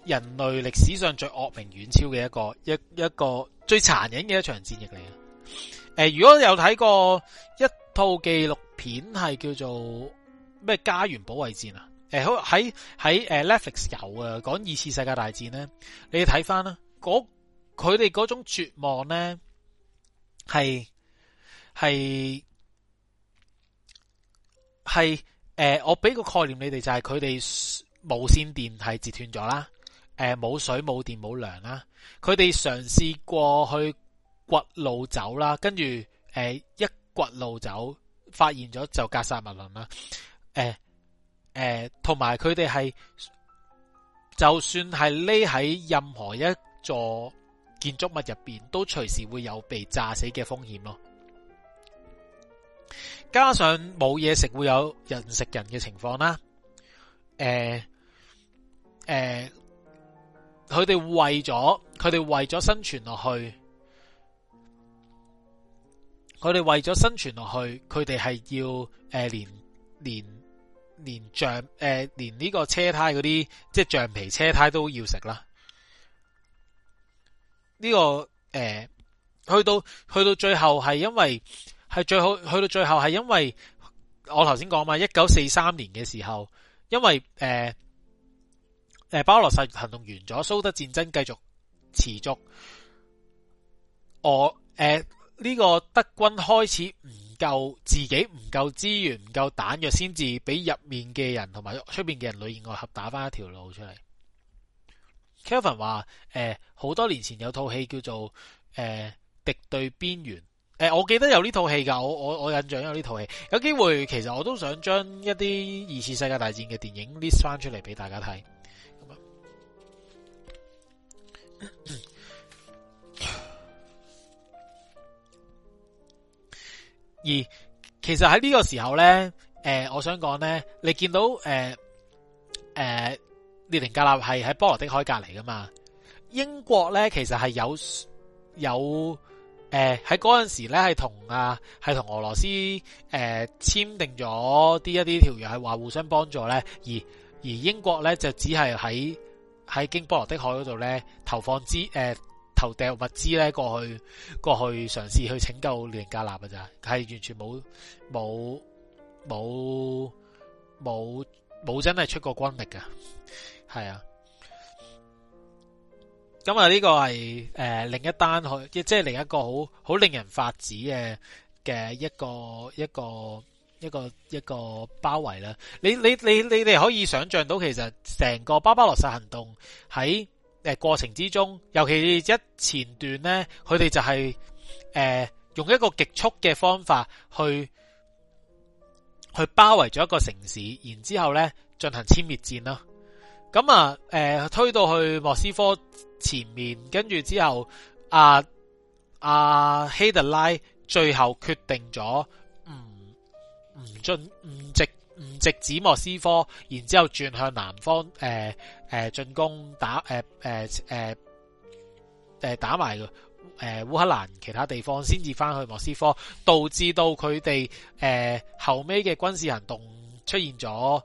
人類歷史上最惡名遠超嘅一個一一個最殘忍嘅一場戰役嚟嘅。誒、呃，如果有睇過一套紀錄片係叫做咩家園保衛戰啊？誒、呃，好喺喺誒 Netflix 有啊，講二次世界大戰咧，你睇翻啦，佢哋嗰種絕望咧。係係係誒，我俾個概念你哋就係佢哋無線電係截斷咗啦，誒、呃、冇水冇電冇糧啦，佢哋嘗試過去掘路走啦，跟住誒、呃、一掘路走發現咗就格殺勿論啦，誒誒同埋佢哋係就算係匿喺任何一座。建築物入邊都隨時會有被炸死嘅風險咯，加上冇嘢食，會有人食人嘅情況啦、呃。誒、呃、誒，佢哋為咗佢哋為咗生存落去，佢哋為咗生存落去，佢哋係要誒連連連橡誒、呃、連呢個車胎嗰啲即係橡皮車胎都要食啦。呢、這個誒、呃，去到去到最後係因為係最後去到最後係因為我頭先講嘛，一九四三年嘅時候，因為誒誒巴巴羅薩行動完咗，蘇德戰爭繼續持續，我誒呢、呃這個德軍開始唔夠自己唔夠資源唔夠彈藥，先至俾入面嘅人同埋出邊嘅人裡應外合打返一條路出嚟。Kevin 話：，誒、呃，好多年前有套戲叫做《誒、呃、敵對邊緣》呃，誒，我記得有呢套戲㗎，我我我印象有呢套戲。有機會，其實我都想將一啲二次世界大戰嘅電影 list 翻出嚟俾大家睇。咁啊、嗯，而其實喺呢個時候咧，誒、呃，我想講咧，你見到誒，誒、呃。呃列寧格勒係喺波羅的海隔籬噶嘛？英國咧其實係有有誒喺嗰陣時咧係同啊係同俄羅斯誒簽訂咗啲一啲條約，係話互相幫助咧。而而英國咧就只係喺喺經波羅的海嗰度咧投放資誒投擲物資咧過去過去嘗試去拯救列寧格勒嘅咋，係完全冇冇冇冇冇真係出過軍力嘅。係啊，咁、這、啊、個，呢個係誒另一單去，即、就、係、是、另一個好好令人發指嘅嘅一個一個一個一個包圍啦。你你你你哋可以想象到，其實成個巴巴羅薩行動喺誒、呃、過程之中，尤其一前段呢，佢哋就係、是、誒、呃、用一個極速嘅方法去去包圍咗一個城市，然之後呢進行殲滅戰啦。咁啊，誒，推到去莫斯科前面，跟住之後，阿、啊、阿、啊、希特拉最後決定咗唔唔進唔直唔直指莫斯科，然之後轉向南方，誒、呃、誒、呃、進攻打，誒誒誒誒打埋誒、呃、烏克蘭其他地方，先至返去莫斯科，導致到佢哋誒後尾嘅軍事行動出現咗。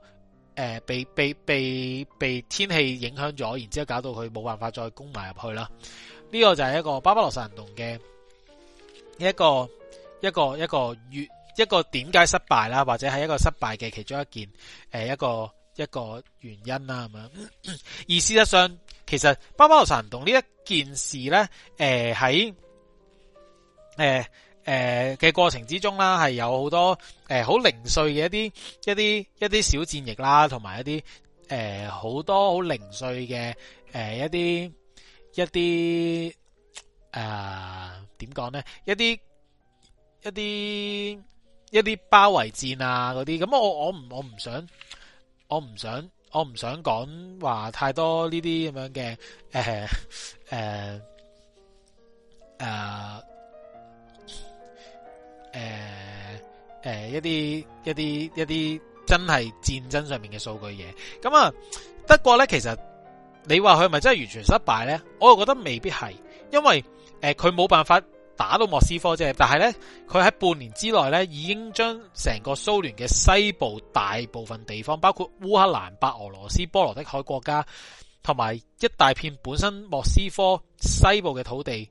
誒、呃，被被被被天氣影響咗，然之後搞到佢冇辦法再攻埋入去啦。呢、這個就係一個巴巴羅薩行動嘅一個一個一個月一個點解失敗啦，或者係一個失敗嘅其中一件誒、呃、一個一個原因啦咁樣。而事實上，其實巴巴羅薩行動呢一件事呢，誒喺誒。誒、呃、嘅過程之中啦，係有好多誒好、呃、零碎嘅一啲一啲一啲小戰役啦，同埋一啲誒好多好零碎嘅誒、呃、一啲、呃、一啲誒點講呢？一啲一啲一啲包圍戰啊嗰啲，咁我我唔我唔想我唔想我唔想講話太多呢啲咁樣嘅誒誒誒。呃呃呃誒、呃、誒、呃，一啲一啲一啲真係戰爭上面嘅數據嘢，咁啊德國呢，其實你話佢咪真係完全失敗呢？我又覺得未必係，因為誒佢冇辦法打到莫斯科啫。但係呢，佢喺半年之內呢，已經將成個蘇聯嘅西部大部分地方，包括烏克蘭、白俄羅斯、波羅的海國家，同埋一大片本身莫斯科西部嘅土地，誒、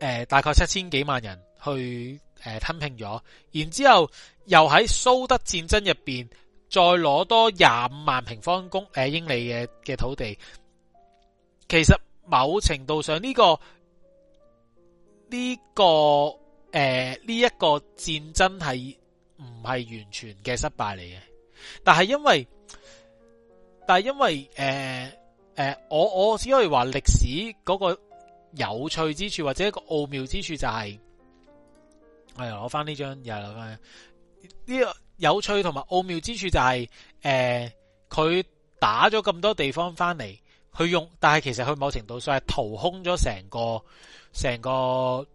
呃、大概七千幾萬人。去誒、呃、吞併咗，然之後又喺蘇德戰爭入邊再攞多廿五萬平方公誒、呃、英里嘅嘅土地。其實某程度上呢、呢個呢、呢個誒呢一個戰爭係唔係完全嘅失敗嚟嘅，但係因為但係因為誒誒、呃呃、我我只可以話歷史嗰個有趣之處或者一個奧妙之處就係、是。係攞翻呢張又係攞翻呢個有趣同埋奧妙之處就係、是、誒，佢、呃、打咗咁多地方翻嚟，佢用但係其實佢某程度上係掏空咗成個成個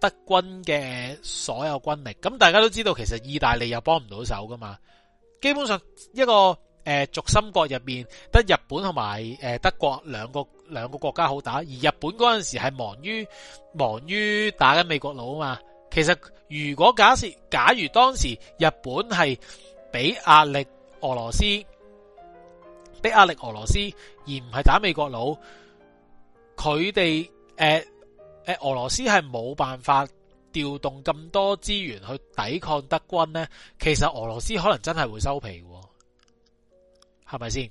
德軍嘅所有軍力。咁、嗯、大家都知道，其實意大利又幫唔到手㗎嘛。基本上一個誒軸、呃、心國入面，得日本同埋誒德國兩個兩個國家好打，而日本嗰陣時係忙於忙於打緊美國佬啊嘛。其實如果假設假如當時日本係俾壓力俄羅斯，俾壓力俄羅斯，而唔係打美國佬，佢哋誒誒俄羅斯係冇辦法調動咁多資源去抵抗德軍咧。其實俄羅斯可能真係會收皮，係咪先？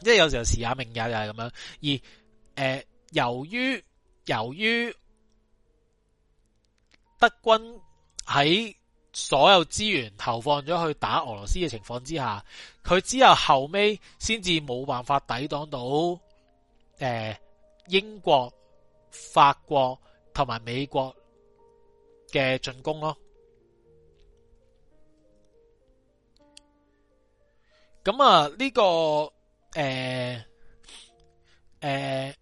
即係有時候時也命也又係咁樣。而誒、呃，由於由於。德軍喺所有資源投放咗去打俄羅斯嘅情況之下，佢只有後尾先至冇辦法抵擋到，誒、欸、英國、法國同埋美國嘅進攻咯。咁啊，呢、這個誒誒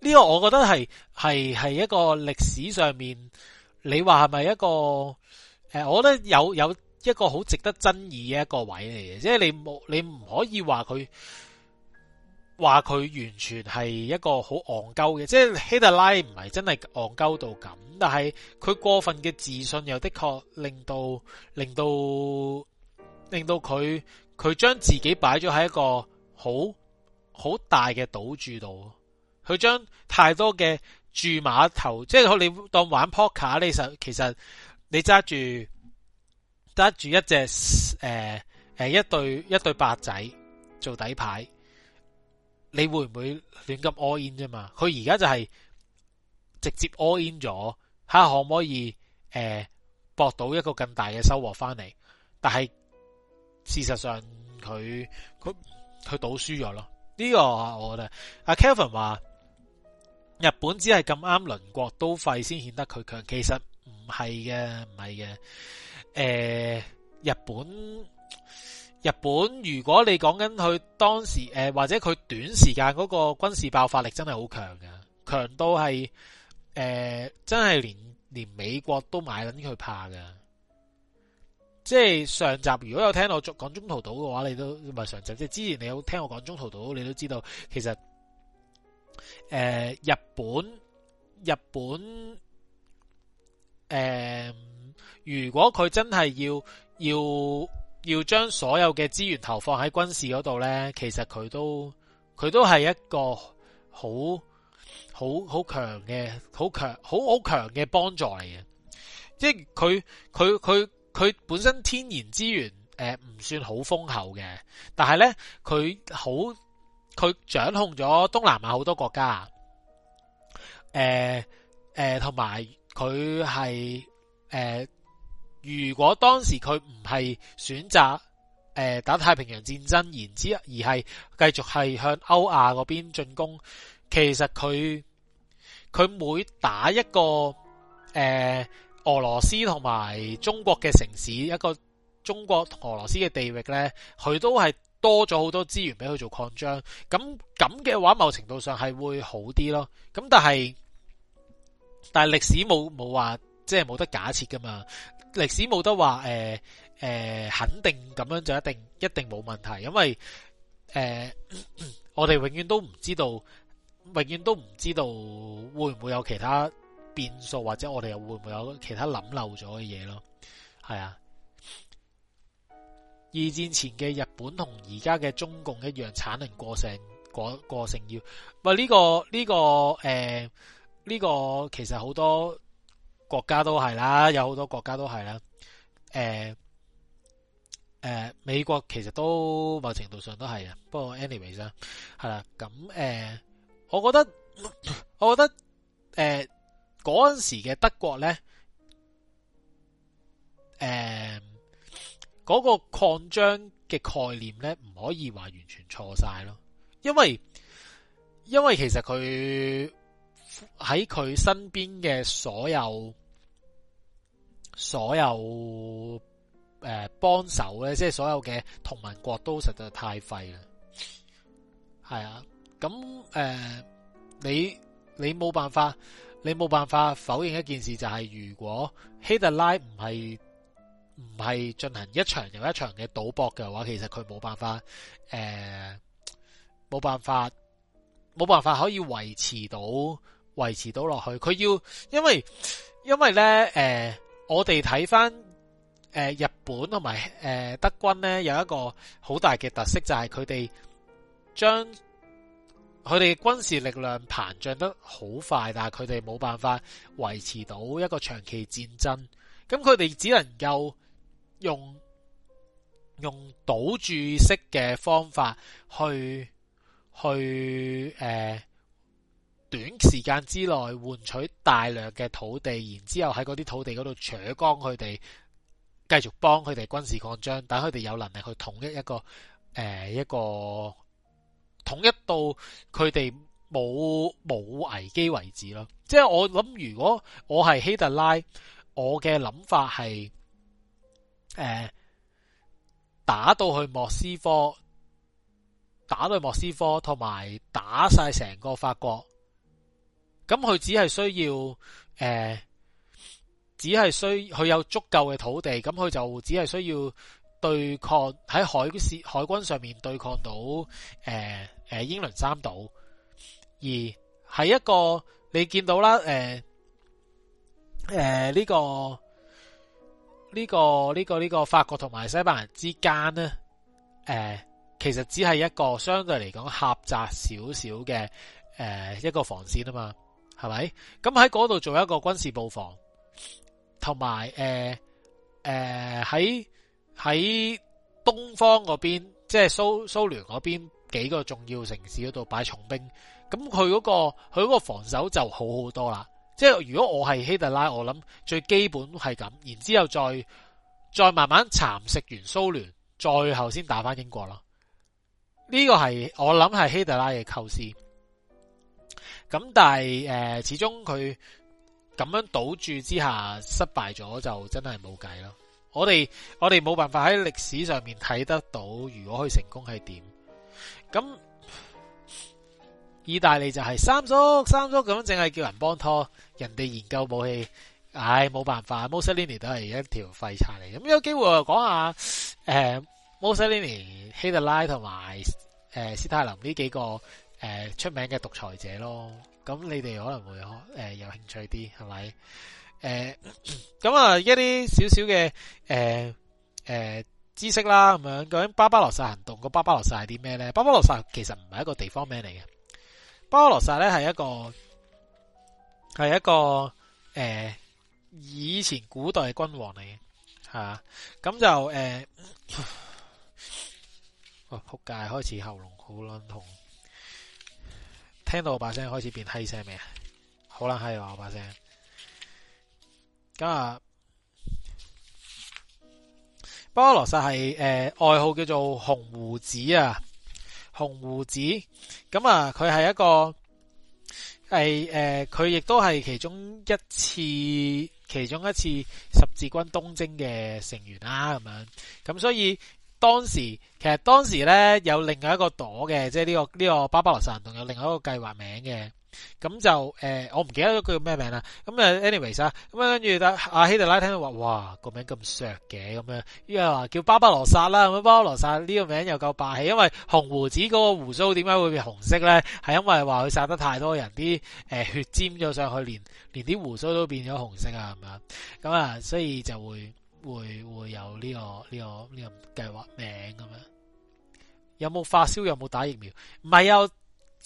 呢個我覺得係係係一個歷史上面。你話係咪一個誒、呃？我覺得有有一個好值得爭議嘅一個位嚟嘅，即係你冇你唔可以話佢話佢完全係一個好戇鳩嘅，即係希特拉唔係真係戇鳩到咁，但係佢過分嘅自信又的確令到令到令到佢佢將自己擺咗喺一個好好大嘅賭注度，佢將太多嘅。住碼頭，即係我你當玩 p 撲克，其實其實你揸住揸住一隻誒誒、呃呃、一對一對八仔做底牌，你會唔會亂咁 all in 啫嘛？佢而家就係直接 all in 咗，睇下可唔可以誒博到一個更大嘅收穫翻嚟？但係事實上佢佢佢賭輸咗咯。呢、這個我覺得阿 Kevin l 話。日本只係咁啱鄰國都廢先顯得佢強，其實唔係嘅，唔係嘅。誒、呃，日本日本如果你講緊佢當時誒、呃，或者佢短時間嗰個軍事爆發力真係好強㗎，強到係誒、呃、真係連連美國都買緊佢怕㗎。即係上集如果有聽我講中途島嘅話，你都唔係上集，即係之前你有聽我講中途島，你都知道其實。誒、呃，日本，日本，誒、呃，如果佢真係要要要將所有嘅資源投放喺軍事嗰度呢，其實佢都佢都係一個好好好強嘅好強好好強嘅幫助嚟嘅，即係佢佢佢佢本身天然資源誒唔、呃、算好豐厚嘅，但係呢，佢好。佢掌控咗東南亞好多國家，誒、呃、誒，同埋佢係誒，如果當時佢唔係選擇誒、呃、打太平洋戰爭，言之而係繼續係向歐亞嗰邊進攻，其實佢佢每打一個誒、呃、俄羅斯同埋中國嘅城市，一個中國同俄羅斯嘅地域呢，佢都係。多咗好多資源俾佢做擴張，咁咁嘅話，某程度上係會好啲咯。咁但係，但係歷史冇冇話，即係冇得假設㗎嘛？歷史冇得話，誒、呃呃、肯定咁樣就一定一定冇問題，因為誒、呃，我哋永遠都唔知道，永遠都唔知道會唔會有其他變數，或者我哋又會唔會有其他諗漏咗嘅嘢咯。係啊。二戰前嘅日本同而家嘅中共一樣產能過剩，過過剩要，咪、這、呢個呢、這個誒呢、呃這個其實好多國家都係啦，有好多國家都係啦，誒、呃、誒、呃、美國其實都某程度上都係啊，不過 anyways 係、啊、啦，咁、嗯、誒、呃，我覺得我覺得誒嗰陣時嘅德國咧，誒、呃，嗰個擴張嘅概念咧，唔可以話完全錯曬咯，因為因為其實佢喺佢身邊嘅所有所有誒幫手咧，即係所有嘅同盟國都實在太廢啦，係啊，咁誒你你冇辦法，你冇辦法否認一件事，就係如果希特拉唔係。唔係進行一場又一場嘅賭博嘅話，其實佢冇辦法，誒、呃，冇辦法，冇辦法可以維持到維持到落去。佢要因為因為咧，誒、呃，我哋睇翻誒日本同埋誒德軍咧有一個好大嘅特色，就係佢哋將佢哋軍事力量膨脹得好快，但係佢哋冇辦法維持到一個長期戰爭。咁佢哋只能夠。用用賭注式嘅方法去去誒、呃，短時間之內換取大量嘅土地，然之後喺嗰啲土地嗰度扯光佢哋，繼續幫佢哋軍事擴張，等佢哋有能力去統一一個誒、呃、一個統一到佢哋冇冇危機為止咯。即係我諗，如果我係希特拉，我嘅諗法係。誒、呃，打到去莫斯科，打到去莫斯科，同埋打晒成個法國，咁佢只係需要，誒、呃，只係需佢有足夠嘅土地，咁佢就只係需要對抗喺海海軍上面對抗到，誒、呃、誒、呃、英倫三島，而係一個你見到啦，誒誒呢個。呢個呢個呢個法國同埋西班牙之間呢，誒、呃、其實只係一個相對嚟講狹窄少少嘅誒一個防線啊嘛，係咪？咁喺嗰度做一個軍事佈防，同埋誒誒喺喺東方嗰邊，即係蘇蘇聯嗰邊幾個重要城市嗰度擺重兵，咁佢嗰個佢嗰個防守就好好多啦。即係如果我係希特拉，我諗最基本係咁，然之後再再慢慢蠶食完蘇聯，最後先打翻英國啦。呢、這個係我諗係希特拉嘅構思。咁但係誒、呃，始終佢咁樣賭注之下失敗咗，就真係冇計咯。我哋我哋冇辦法喺歷史上面睇得到，如果佢成功係點？咁。意大利就係三叔三叔咁，淨係叫人幫拖人哋研究武器，唉，冇辦法。Mussolini 都係一條廢柴嚟嘅。咁有機會講下 Mussolini、呃、希特拉同埋誒史太林呢幾個、呃、出名嘅獨裁者咯。咁你哋可能會有、呃、有興趣啲係咪？誒咁、呃呃、啊，一啲少少嘅知識啦，咁樣。究竟巴巴羅薩行動個巴巴羅薩係啲咩咧？巴巴羅薩，薩其實唔係一個地方名嚟嘅。巴羅薩咧係一個係一個誒、呃、以前古代嘅君王嚟嘅吓，咁、啊、就誒，扑、呃、街，開始喉嚨好卵痛，聽到我把聲開始變閪聲未？啊？好卵閪我把聲，咁、呃、啊，巴羅薩係誒外號叫做紅胡子啊。紅鬍子咁啊，佢、嗯、係一個係誒，佢亦都係其中一次，其中一次十字軍東征嘅成員啦，咁樣咁所以當時其實當時咧有另外一個朵嘅，即係呢、這個呢、這個巴巴羅薩行動有另外一個計劃名嘅。.咁就誒、呃，我唔記得咗佢叫咩名啦。咁、嗯、啊，anyways 啊，咁啊，跟住阿希特拉聽到話，哇，個名咁削嘅，咁樣，依家話叫巴巴羅薩啦，咁巴巴羅薩呢個名又夠霸氣，因為紅鬍子嗰個鬍鬚點解會變紅色咧？係因為話佢殺得太多人，啲誒血沾咗上去，連連啲鬍鬚都變咗紅色啊，咁樣，咁啊，所以就會會會有呢個呢個呢個計劃名咁樣。有冇發燒？有冇打疫苗？唔係有。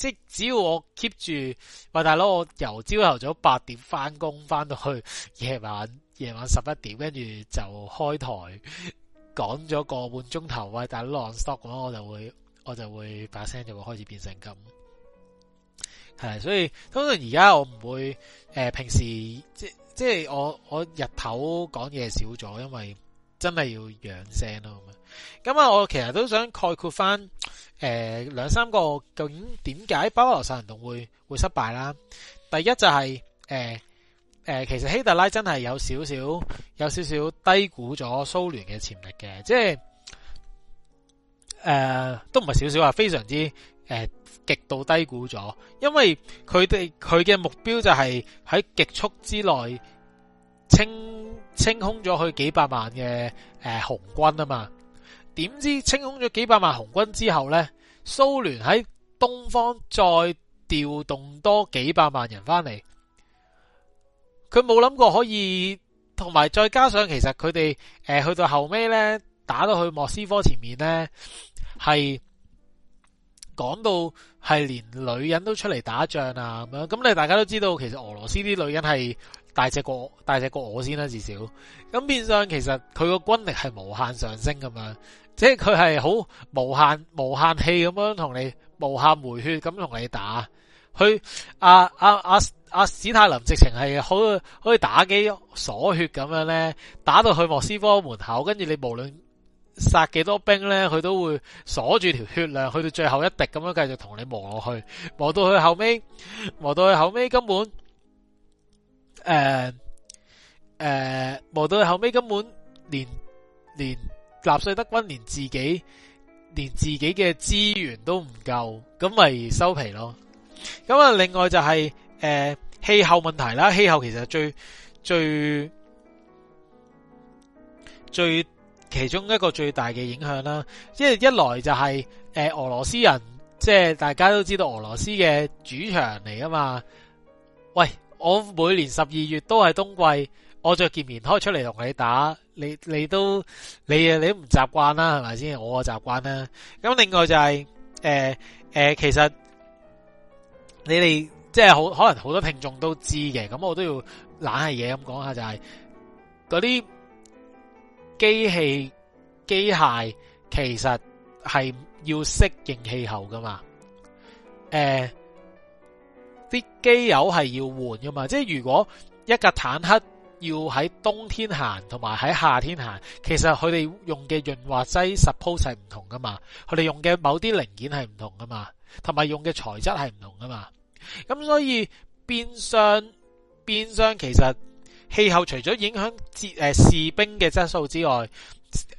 即只要我 keep 住，喂大佬，我由朝頭早八點翻工，翻到去夜晚夜晚十一點，跟住就開台講咗個半鐘頭，喂大，但係 long stop 咁，我就會我就會把聲就會開始變成咁，係，所以通常而家我唔會，誒、呃，平時即即係我我日頭講嘢少咗，因為真係要養聲咯，咁樣。咁啊，我其實都想概括返，誒、呃、兩三個究竟點解巴巴羅薩行動會會失敗啦？第一就係誒誒，其實希特拉真係有少少有少少低估咗蘇聯嘅潛力嘅，即係誒、呃、都唔係少少啊，非常之誒、呃、極度低估咗，因為佢哋佢嘅目標就係喺極速之內清清空咗佢幾百萬嘅誒、呃、紅軍啊嘛。點知清空咗幾百萬紅軍之後呢，蘇聯喺東方再調動多幾百萬人翻嚟，佢冇諗過可以，同埋再加上其實佢哋誒去到後尾呢，打到去莫斯科前面呢，係講到係連女人都出嚟打仗啊咁樣。咁你大家都知道，其實俄羅斯啲女人係大隻過大隻過我先啦、啊，至少咁變相其實佢個軍力係無限上升咁樣。即係佢係好無限無限氣咁樣同你無限回血咁同你打，佢阿啊啊阿，啊、史泰林直情係好似打機鎖血咁樣呢，打到去莫斯科門口，跟住你無論殺幾多兵呢，佢都會鎖住條血量，去到最後一滴咁樣繼續同你磨落去，磨到佢後尾，磨到佢後尾根本，誒、呃、誒、呃，磨到佢後尾根本連連。納粹德軍連自己連自己嘅資源都唔夠，咁咪收皮咯。咁啊，另外就係、是、誒、呃、氣候問題啦，氣候其實最最最其中一個最大嘅影響啦。即係一來就係、是、誒、呃、俄羅斯人，即係大家都知道俄羅斯嘅主場嚟噶嘛。喂，我每年十二月都係冬季。我着件棉胎出嚟同你打，你你都你啊你唔習慣啦，係咪先？我嘅習慣啦。咁另外就係誒誒，其實你哋即係好可能好多聽眾都知嘅，咁我都要懶下嘢咁講下就係嗰啲機器機械其實係要適應氣候噶嘛，誒、呃、啲機油係要換噶嘛，即係如果一架坦克。要喺冬天行同埋喺夏天行，其實佢哋用嘅潤滑劑 suppose 係唔同噶嘛，佢哋用嘅某啲零件係唔同噶嘛，同埋用嘅材質係唔同噶嘛，咁所以變相變相其實氣候除咗影響戰、呃、士兵嘅質素之外。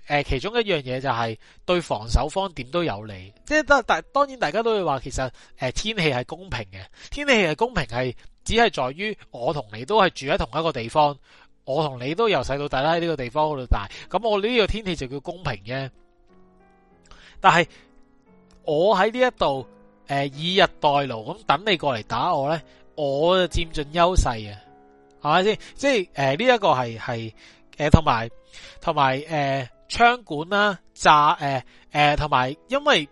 誒，其中一樣嘢就係對防守方點都有利，即係都但當然大家都會話，其實誒天氣係公平嘅，天氣係公平係只係在於我同你都係住喺同一個地方，我同你都由細到大啦喺呢個地方度大，咁我呢個天氣就叫公平嘅。但係我喺呢一度誒以逸待勞咁等你過嚟打我呢，我就佔盡優勢啊，係咪先？即係呢一個係係誒同埋。同埋誒，槍、呃、管啦、啊，炸誒誒，同、呃、埋、呃、因為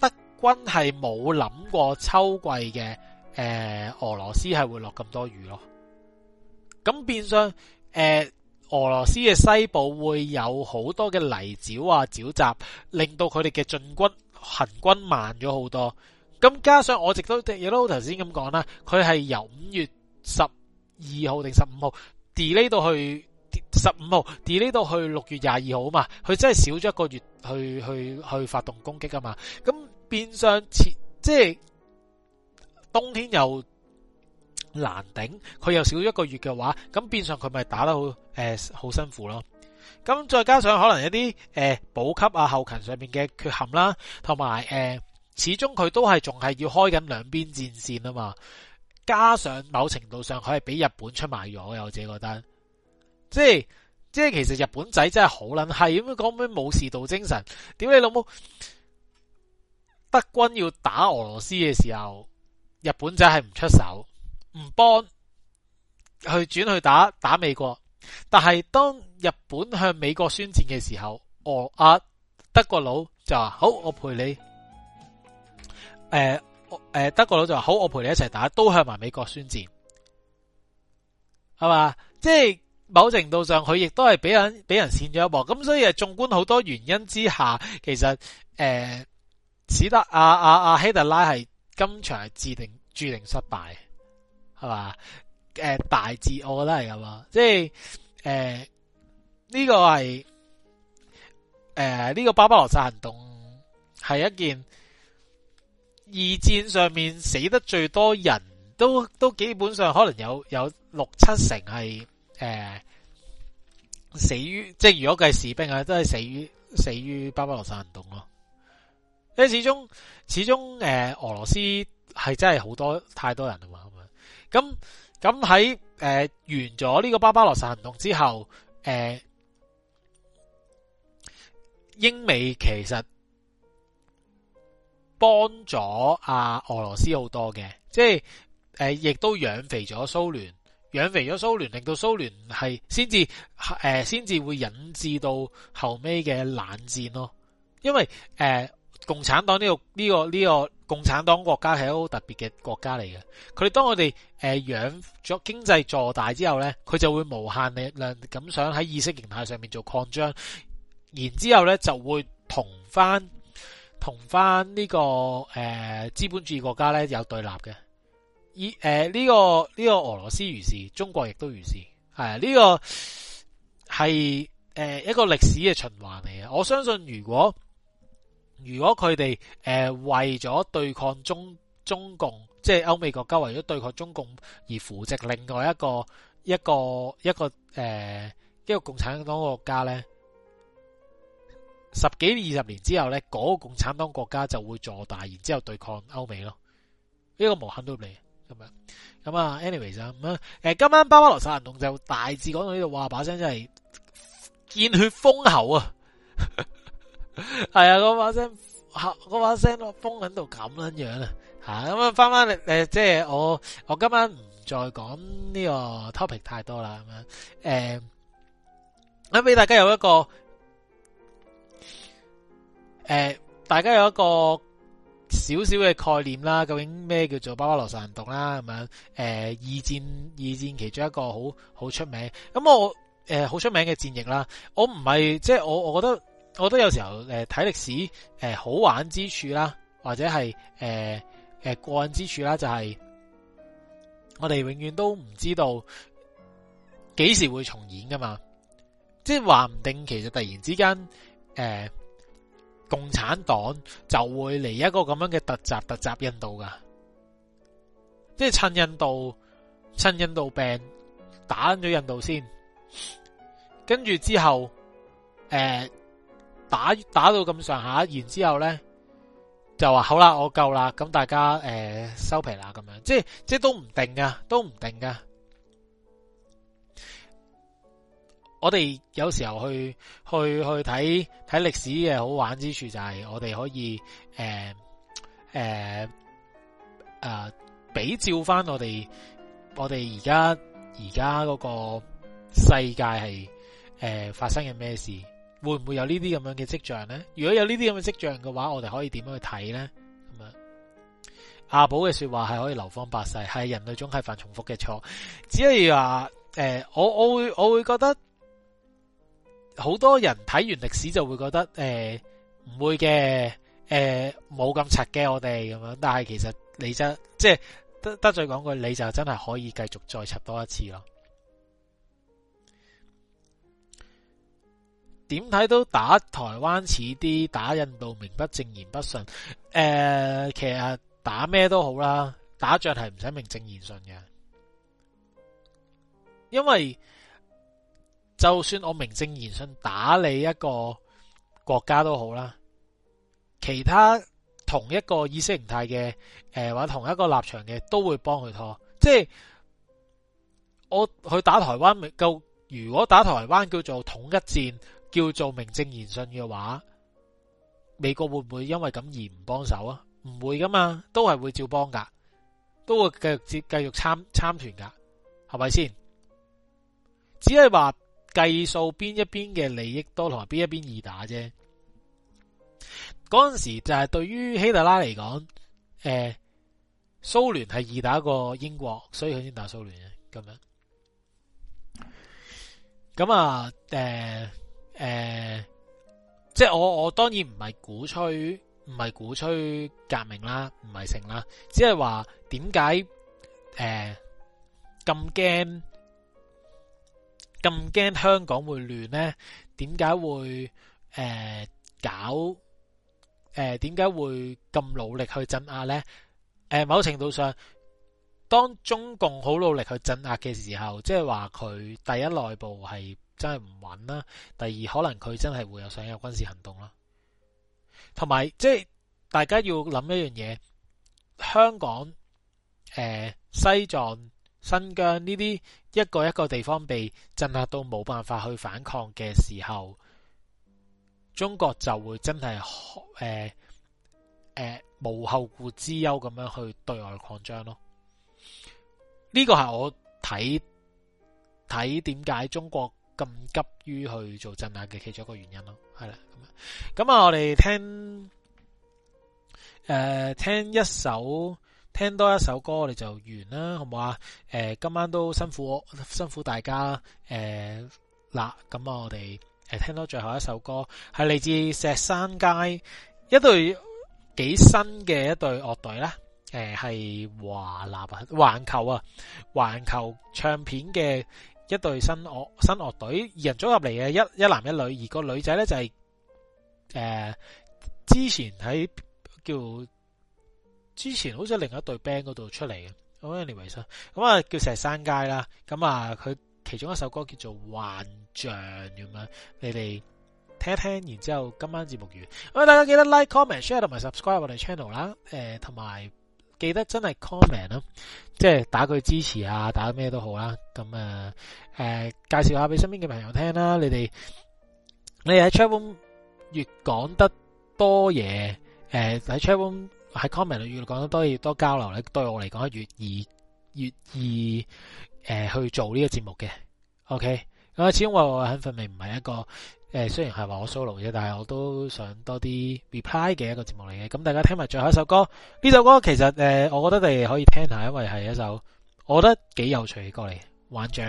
德軍係冇諗過秋季嘅誒、呃，俄羅斯係會落咁多雨咯。咁變相誒、呃，俄羅斯嘅西部會有好多嘅泥沼啊沼澤，令到佢哋嘅進軍行軍慢咗好多。咁加上我亦都亦都頭先咁講啦，佢係由五月十二號定十五號 delay 到去。十五號 delay 到去六月廿二號嘛，佢真係少咗一個月去去去發動攻擊啊嘛，咁變相即係冬天又難頂，佢又少咗一個月嘅話，咁變相佢咪打得好誒好辛苦咯，咁再加上可能一啲誒補給啊後勤上面嘅缺陷啦，同埋誒始終佢都係仲係要開緊兩邊戰線啊嘛，加上某程度上佢係俾日本出賣咗嘅，我自己覺得。即係，即係其實日本仔真係好捻，係咁樣講咩武士道精神？屌你老母？德軍要打俄羅斯嘅時候，日本仔係唔出手，唔幫，去轉去打打美國。但係當日本向美國宣戰嘅時候，俄、啊、德國佬就話好，我陪你。誒、呃、誒、呃，德國佬就話好，我陪你一齊打，都向埋美國宣戰，係嘛？即係。某程度上，佢亦都係俾人俾人扇咗一搏。咁所以，係縱觀好多原因之下，其實誒、呃，史得阿阿阿希特拉係今場係注定注定失敗，係嘛？誒、呃，大致我啦，係咁啊，即係誒呢個係誒呢個巴巴羅薩行動係一件二戰上面死得最多人都都基本上可能有有六七成係。誒、呃，死於即係如果計士兵啊，都係死於死於巴巴羅薩行動咯。因為始終始終誒、呃，俄羅斯係真係好多太多人啊嘛咁樣。咁咁喺誒完咗呢個巴巴羅薩行動之後，誒、呃，英美其實幫咗、啊、俄羅斯好多嘅，即係誒、呃、亦都養肥咗蘇聯。養肥咗蘇聯，令到蘇聯係先至，誒先至會引致到後尾嘅冷戰咯。因為誒、呃、共產黨呢個呢個呢個共產黨國家係一個好特別嘅國家嚟嘅。佢哋當我哋誒養咗經濟做大之後呢，佢就會無限力量咁想喺意識形態上面做擴張，然之後呢就會同翻同翻呢個誒、呃、資本主義國家呢有對立嘅。以誒呢、呃這個呢、這個俄羅斯如是，中國亦都如是，係呢、這個係誒、呃、一個歷史嘅循環嚟。我相信如果如果佢哋誒為咗對抗中中共，即係歐美國家為咗對抗中共而扶植另外一個一個一個誒、呃、一個共產黨國家呢十幾二十年之後呢嗰、那個共產黨國家就會做大，然之後對抗歐美咯，呢、這個無限都理。咁樣，咁啊，anyways 咁樣，誒，今晚巴巴羅薩行動就大致講到呢度，哇，把聲真係見血封喉啊！係啊，嗰把聲，嗰把聲，封喺度咁樣樣啊！吓，咁啊，翻翻嚟，誒，即係我，我今晚唔再講呢個 topic 太多啦，咁樣，誒，諗俾大家有一個，誒，大家有一個。少少嘅概念啦，究竟咩叫做巴巴羅薩行動啦？咁樣誒，二戰二戰其中一個好好出名，咁我誒好、呃、出名嘅戰役啦，我唔係即係我我覺得，我覺得有時候誒睇、呃、歷史誒、呃、好玩之處啦，或者係誒誒過癮之處啦，就係、是、我哋永遠都唔知道幾時會重演噶嘛，即係話唔定其實突然之間誒。呃共產黨就會嚟一個咁樣嘅突襲，突襲印度噶，即係趁印度趁印度病打咗印度先，跟住之後誒、欸、打打到咁上下，然之後咧就話好啦，我夠啦，咁大家誒、欸、收皮啦，咁樣，即係即係都唔定噶，都唔定噶。我哋有時候去去去睇睇歷史嘅好玩之處就係我哋可以誒誒誒比照翻我哋我哋而家而家嗰個世界係誒、呃、發生嘅咩事會唔會有呢啲咁樣嘅跡象咧？如果有呢啲咁嘅跡象嘅話，我哋可以點樣去睇咧？咁樣阿寶嘅說話係可以流芳百世，係人類總係犯重複嘅錯，只係話誒，我我會我會覺得。好多人睇完歷史就會覺得誒唔，、呃、會嘅誒冇咁柒嘅我哋咁樣，但係其實你就即係得得罪講句，你就真係可以繼續再插多一次咯。點睇都打台灣似啲打印度，名不正言不順，誒、呃，其實打咩都好啦，打仗係唔使名正言順嘅，因為，就算我名正言順打你一個國家都好啦，其他同一個意識形態嘅誒，或、呃、同一個立場嘅都會幫佢拖。即係我去打台灣未夠，如果打台灣叫做統一戰，叫做名正言順嘅話，美國會唔會因為咁而唔幫手啊？唔會噶嘛，都係會照幫噶，都會繼續接繼續參參團噶，係咪先？只係話。計數邊一邊嘅利益多，同埋邊一邊易打啫。嗰陣時就係對於希特拉嚟講，誒、呃，蘇聯係易打過英國，所以佢先打蘇聯嘅咁樣。咁啊，誒、呃，誒、呃，即係我我當然唔係鼓吹，唔係鼓吹革命啦，唔係成啦，只係話點解誒咁驚。呃咁驚香港會亂呢？點解會誒、呃、搞？誒點解會咁努力去鎮壓呢、呃？某程度上，當中共好努力去鎮壓嘅時候，即係話佢第一內部係真係唔穩啦，第二可能佢真係會有想有軍事行動啦。同埋即係大家要諗一樣嘢，香港誒、呃、西藏。新疆呢啲一個一個地方被鎮壓到冇辦法去反抗嘅時候，中國就會真係誒誒無後顧之憂咁樣去對外擴張咯。呢個係我睇睇點解中國咁急於去做鎮壓嘅其中一個原因咯。係啦，咁啊，我哋聽誒聽一首。聽多一首歌，我哋就完啦，好唔好啊？誒、呃，今晚都辛苦辛苦大家。誒、呃，嗱，咁啊，我哋誒聽多最後一首歌，係嚟自石山街一隊幾新嘅一對樂隊咧。誒、呃，係華納啊，環球啊，環球唱片嘅一對新樂新樂隊，二人組合嚟嘅，一一男一女，而個女仔咧就係、是、誒、呃、之前喺叫。之前好似另一對 band 嗰度出嚟嘅，好 anyway 生，咁啊叫石山街啦，咁啊佢其中一首歌叫做幻象咁樣，你哋聽一聽，然之後今晚節目完，大家記得 like、comment、share 同埋 subscribe 我哋 channel 啦，呃、同埋記得真係 comment 啊，即係打佢支持啊，打咩都好啦，咁啊、呃呃、介紹下俾身邊嘅朋友聽啦，你哋你喺 chatroom 越講得多嘢，呃、喺 chatroom。喺 comment 裏越來講得多，越多交流咧，對我嚟講越易越易誒、呃、去做呢個節目嘅。OK，咁始終我肯瞓未唔係一個誒、呃，雖然係話我 solo 啫，但係我都想多啲 reply 嘅一個節目嚟嘅。咁大家聽埋最後一首歌，呢首歌其實誒、呃，我覺得你可以聽下，因為係一首我覺得幾有趣嘅歌嚟，幻像。